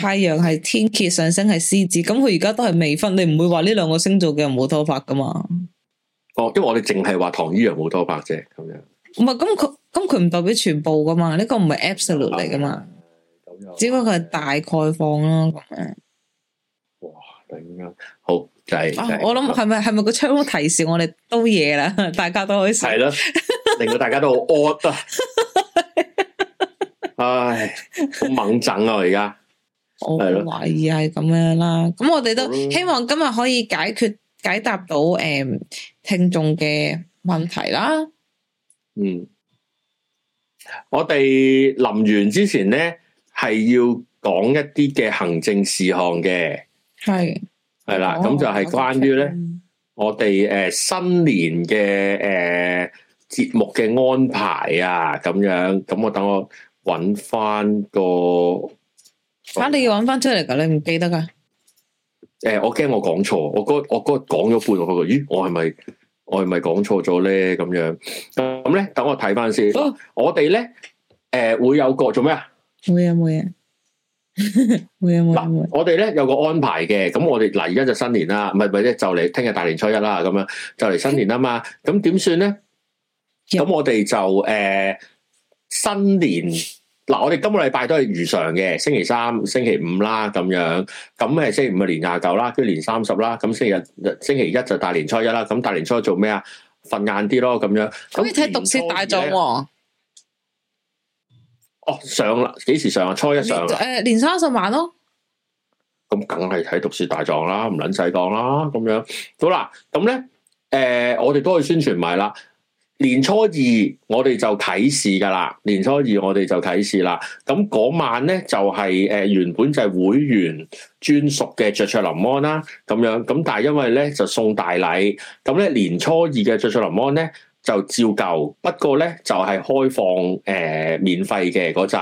太陽係天蠍上升係獅子，咁佢而家都係未婚，你唔會話呢兩個星座嘅人冇拖拍噶嘛？哦、oh,，因為我哋淨係話唐依陽冇拖拍啫，咁樣唔係咁佢咁佢唔代表全部噶嘛？呢、這個唔係 absolute 嚟噶嘛？Oh. 只不過佢係大概放咯咁樣。好就係、係就係啊，我諗係咪係咪個窗戶提示我哋都嘢啦，大家都可以食係咯， *laughs* 令到大家都好惡啊！ *laughs* 唉，好猛憎啊！而家我懷疑係咁樣啦。咁 *laughs* 我哋都希望今日可以解決解答到誒、嗯、聽眾嘅問題啦。嗯，我哋臨完之前咧係要講一啲嘅行政事項嘅。係係啦，咁就係關於咧，我哋誒新年嘅誒節目嘅安排啊，咁樣咁我等我揾翻個，反正要揾翻出嚟噶，你唔記得噶？誒，我驚我講錯，我嗰我嗰日講咗半個鐘，咦，我係咪我係咪講錯咗咧？咁樣咁咧，等我睇翻先。我哋咧誒會有個做咩啊？會呀會呀！ *laughs* 會啊，會有我哋咧有個安排嘅，咁我哋嗱而家就新年啦，唔係唔係就嚟聽日大年初一年，呃、年啦，咁樣就嚟新年啦嘛，咁點算咧？咁我哋就誒新年嗱，我哋今個禮拜都係如常嘅，星期三、星期五啦，咁樣咁係星期五啊，年廿九啦，跟住年三十啦，咁星期日、星期一就大年初一啦，咁大年初一做咩啊？瞓晏啲咯，咁樣咁你睇毒舌大狀啊。哦、上啦，幾時上啊？初一上啊？誒、呃，年三十晚咯，哦，咁梗係睇讀書大狀啦，唔撚使講啦，咁樣好啦。咁咧，誒、呃，我哋都去宣傳埋啦。年初二我哋就啟事噶啦，年初二我哋就啟事啦。咁嗰晚咧就係、是、誒、呃、原本就係會員專屬嘅雀雀林安啦，咁樣咁但係因為咧就送大禮，咁咧年初二嘅雀雀林安咧。就照舊，不過咧，就係、是、開放誒、呃、免費嘅嗰集，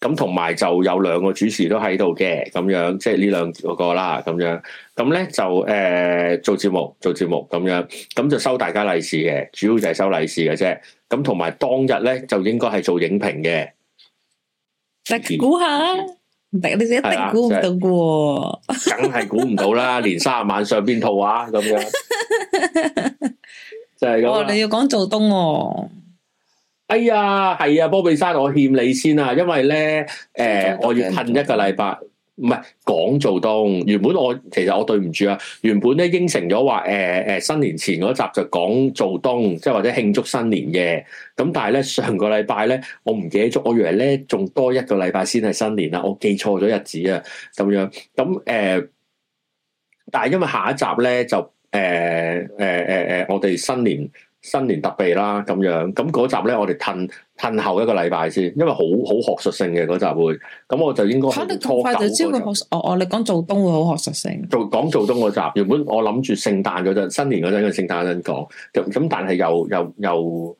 咁同埋就有兩個主持都喺度嘅，咁樣即係呢兩個啦，咁樣咁咧就誒做節目做節目咁樣，咁就、呃、就收大家利是嘅，主要就係收利是嘅啫。咁同埋當日咧就應該係做影評嘅。你估下？你一定估唔到嘅，梗係估唔到啦！連卅萬上邊套啊，咁樣。就係噉、哦，你要講做東哦！哎呀，係啊，波比山，我欠你先啊，因為咧，誒、呃，我要褪一個禮拜，唔係講做東。原本我其實我對唔住啊，原本咧應承咗話，誒、呃、誒，新年前嗰集就講做東，即係或者慶祝新年嘅。咁但係咧，上個禮拜咧，我唔記得咗，我以為咧仲多一個禮拜先係新年啊，我記錯咗日子啊，咁樣。咁誒、呃，但係因為下一集咧就。誒誒誒誒，我哋新年新年特備啦，咁樣，咁嗰集咧，我哋褪褪後一個禮拜先，因為好好學術性嘅嗰集會，咁我就應該快就知道學、哦、會學我我你講做東會好學術性做講做東嗰集，原本我諗住聖誕嗰陣新年嗰陣跟聖誕嗰陣講，咁但係又又又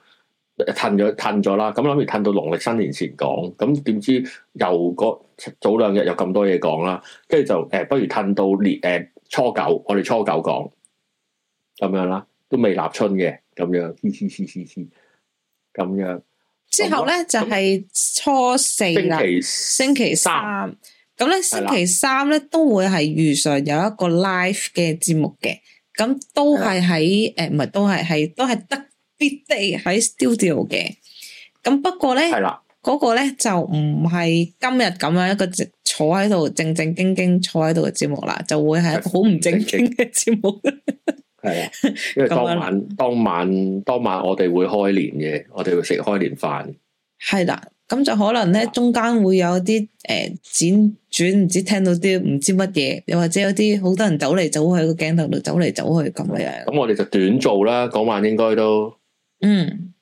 褪咗褪咗啦，咁諗住褪到農曆新年前講，咁點知又嗰、那個、早兩日又咁多嘢講啦，跟住就誒、欸，不如褪到年誒初九，我哋初九講。咁樣啦，都未立春嘅，咁樣，嘻嘻嘻嘻嘻，咁樣。之後咧就係、是、初四啦，星期三。咁咧星期三咧都會係遇上有一個 live 嘅節目嘅，咁都係喺誒，唔係、呃、都係係都係特別地喺 studio 嘅。咁不過咧，係啦，嗰、那個咧就唔係今日咁樣一個坐喺度正正經經坐喺度嘅節目啦，就會係一個好唔正經嘅節目。 *laughs* 係啊，因為當晚 *laughs* 當晚當晚我哋會開年嘅，我哋會食開年飯。係啦，咁就可能咧中間會有啲誒剪轉，唔、呃、知聽到啲唔知乜嘢，又或者有啲好多人走嚟走去個鏡頭度，走嚟走去咁嘅。咁我哋就短做啦，嗰晚應該都嗯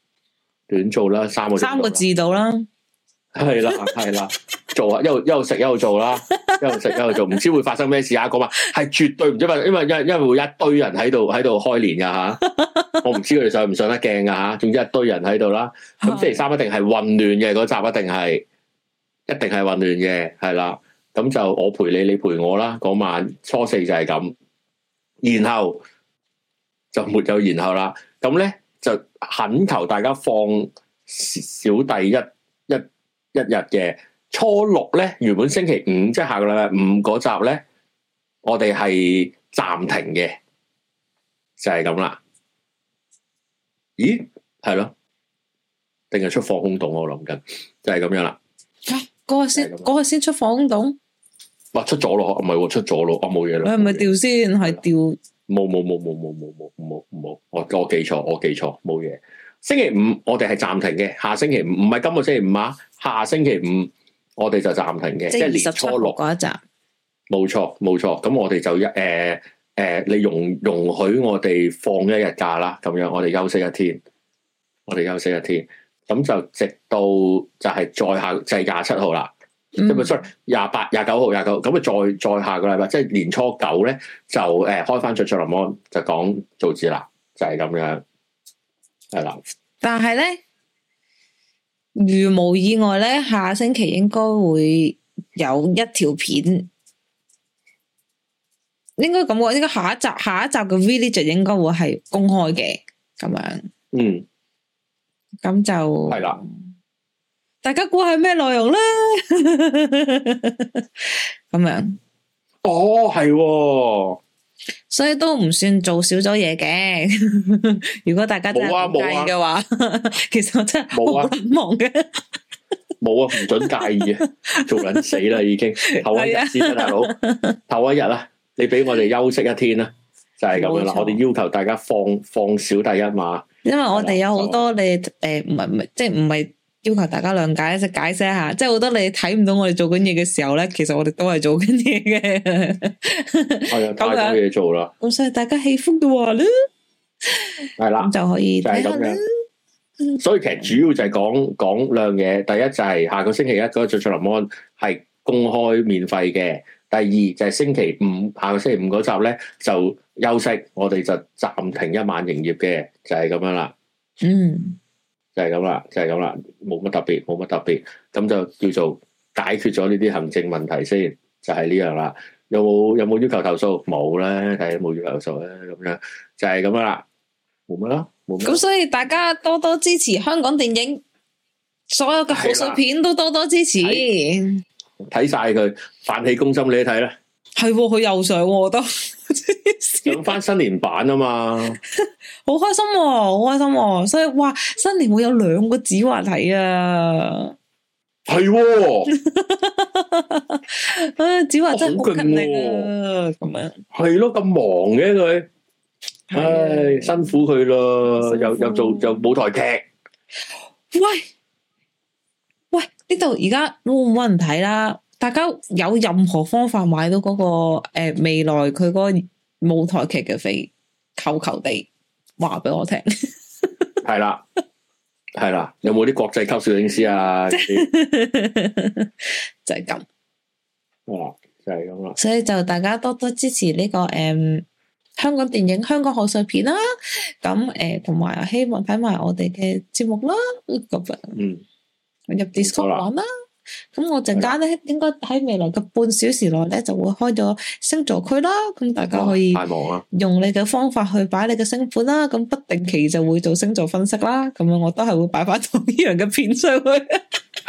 短做啦，三個字三個字到啦。係 *laughs* 啦，係啦，做啊，一路一路食，一路做啦，一路食，一路做，唔知會發生咩事啊！嗰、那個、晚係絕對唔知，因為因因為會一堆人喺度喺度開年嘅吓， *laughs* 我唔知佢哋上唔上得鏡嘅吓，總之一堆人喺度啦，咁星期三一定係混亂嘅，嗰、那個、集一定係一定係混亂嘅，係啦，咁就我陪你，你陪我啦，嗰、那個、晚初四就係咁，然後就沒有然後啦，咁咧就懇求大家放小弟一。一日嘅初六咧，原本星期五即係下個禮拜五嗰集咧，我哋係暫停嘅，就係咁啦。咦，係咯，定係出防空洞我諗緊，就係咁樣啦。吓，嗰日先，嗰日先出防空洞？哇、就是啊就是啊，出咗咯，唔係，出咗咯，我冇嘢啦。你係咪掉先？係掉？冇冇冇冇冇冇冇冇冇，我我記錯，我記錯，冇嘢。星期五我哋係暫停嘅，下星期五唔係今個星期五啊，下星期五我哋就暫停嘅，即係年初六嗰一集。冇錯冇錯，咁我哋就一誒誒，你容容許我哋放一日假啦，咁樣我哋休息一天，我哋休息一天，咁就直到就係再下就係廿七號啦，咁啊 sorry 廿八廿九號廿九，咁啊再再下個禮拜即係年初九咧就誒、呃、開翻《卓卓林安》，就講造字啦，就係、是、咁樣。係啦，但係咧，如無意外咧，下星期應該會有一條片，應該咁喎，應該下一集下一集嘅 V 呢就應該會係公開嘅咁樣。嗯，咁就係啦，大家估係咩內容啦？咁 *laughs* 樣，哦，係喎。所以都唔算做少咗嘢嘅，如果大家冇啊、唔介意嘅話， *laughs* 其實我真係冇啊、忘嘅。冇啊，唔准介意啊， *laughs* 做卵死啦已經，頭一日先啦，大佬、啊，頭一日啦，你俾我哋休息一天啦， *laughs* 就係、是、咁樣啦。我哋要求大家放放小弟一馬，因為我哋有好多 *laughs* 你誒，唔係唔係，即係唔係。要求大家諒解，即係解釋一下，即係好多你睇唔到我哋做緊嘢嘅時候咧，其實我哋都係做緊嘢嘅，係 *laughs* 啊是的， *laughs* 太多嘢做啦。咁所以大家喜歡嘅話咧，係啦 *laughs* 就可以睇下啦。所以其實主要就係講講兩嘢，第一就係下個星期一嗰、那個翠翠林安係公開免費嘅，第二就係星期五下個星期五嗰集咧就休息，我哋就暫停一晚營業嘅，就係、是、咁樣啦。嗯。就係咁啦，就係咁啦，冇乜特別，冇乜特別，咁就叫做解決咗呢啲行政問題先，就係、是、呢樣啦。有冇有冇要求投訴？冇啦，睇下有冇要求投訴啦，咁樣就係咁啦，冇乜啦。冇。咁所以大家多多支持香港電影，所有嘅賀歲片都多多支持。睇晒佢，泛起攻心，你睇啦。係，佢又上我都。上翻新年版啊嘛，好開心，好開心，所以哇新年會有兩個子華睇啊，係，子華真係好勁啊，咁樣係咯，咁忙嘅佢，唉辛苦佢咯，又又做又舞台劇，喂喂呢度而家都冇人睇啦，大家有任何方法買到嗰個誒未來佢個舞台劇嘅飛，求求地話俾我聽，係 *laughs* 啦 *laughs* 這，係 *laughs* 啦這，有冇啲國際級攝影師啊？就係咁，啊，就係咁啦。所以就大家多多支持呢、這個誒、嗯，香港電影、香港賀歲片啦。咁誒，同、呃、埋希望睇埋我哋嘅節目啦。咁啊，嗯，入 Discord 啦。咁我陣間咧，應該喺未來嘅半小時內咧，就會開咗星座區啦。咁大家可以太忙啦，用你嘅方法去擺你嘅星盤啦。咁不定期就會做星座分析啦。咁樣我都係會擺翻同呢樣嘅片上去。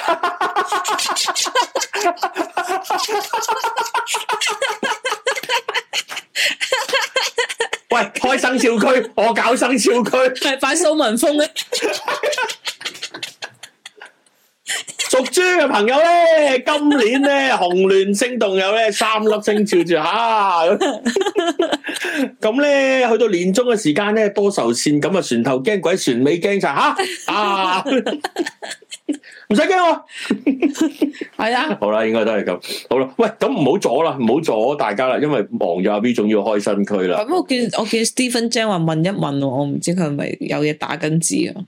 *laughs* *laughs* 喂，開生肖區，我搞生肖區，係擺蘇文峰嘅。 *laughs* 屬豬嘅朋友咧，今年咧紅鸞星動有呢，有咧三粒星照住，吓，咁咧去到年中嘅時間咧多愁善，咁啊，船頭驚鬼，船尾驚賊，吓啊，唔使驚啊，係啊，好、啊、啦、啊啊啊啊 *laughs* 啊，應該都係咁，好啦，喂，咁唔好阻啦，唔好阻大家啦，因為忙咗阿 B，仲要開新區啦。咁我見我見 Stephen 將話問一問、啊，我唔知佢係咪有嘢打緊字啊。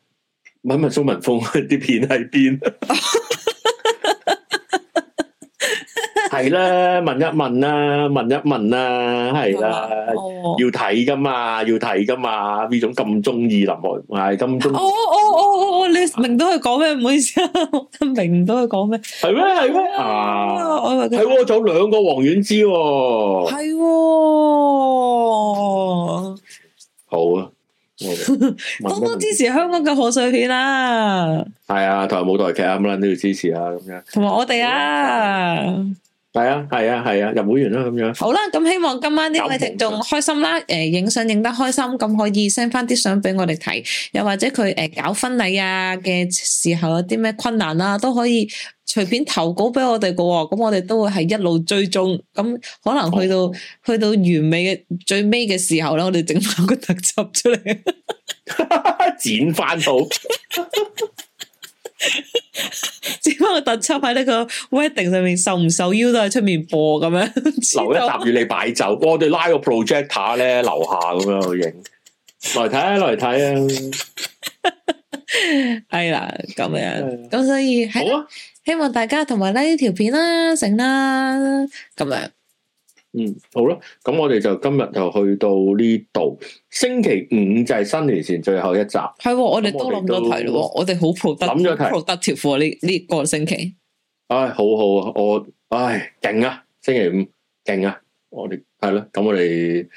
問問蘇文峰啲片喺邊？係 *laughs* 啦， *laughs* *laughs* *laughs* 問一問啦，問一問啦、啊，係啦， *laughs* 要睇㗎嘛，要睇㗎嘛。呢種咁鍾意林海，係咁中。哦哦哦哦， *laughs* 你明到佢講咩？唔好意思， *laughs* 我明唔到佢講咩？係咩？係咩？係喎，仲有兩個王菀之喎，係喎，好啊。 *laughs* *laughs* *laughs* 問問多多支持香港嘅賀歲片啦！係啊，同埋舞台劇啊，咁樣都要支持啊，咁樣。同埋我哋啊！係啊，係啊，係啊，入會員啦咁樣。好啦，咁希望今晚呢位聽眾開心啦，誒，影相影得開心，咁可以 send 翻啲相俾我哋睇，又或者佢誒搞婚禮啊嘅時候有啲咩困難啦，都可以隨便投稿俾我哋喎。咁我哋都會係一路追蹤，咁可能去到，哦，去到完美嘅最尾嘅時候咧，我哋整翻個特輯出嚟， *laughs* 剪翻回好頭。 *laughs* *laughs* 只不過突出喺呢個 wedding 上面，受唔受邀都係出面播咁樣， *laughs* 留一集預你擺酒。我哋拉個 projector 咧樓下咁樣去影，嚟睇啊嚟睇啊，係 *laughs* *laughs* 啦咁樣。咁 *laughs* 所以好啊，希望大家同埋 like 呢條片、啊、啦，成啦咁樣。嗯，好啦，咁我哋就今日就去到呢度，星期五就係新年前最後一集，係我哋都諗咗題咯，我哋好 productive，productive for this 呢呢個星期，唉、哎，好好啊，我唉，勁、哎、啊，星期五勁啊，我哋係咯，咁我哋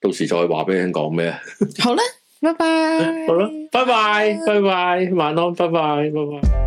到時再話俾你聽講咩，好啦，拜拜，好 *laughs* 啦，拜拜，拜拜，晚安，拜拜，拜拜。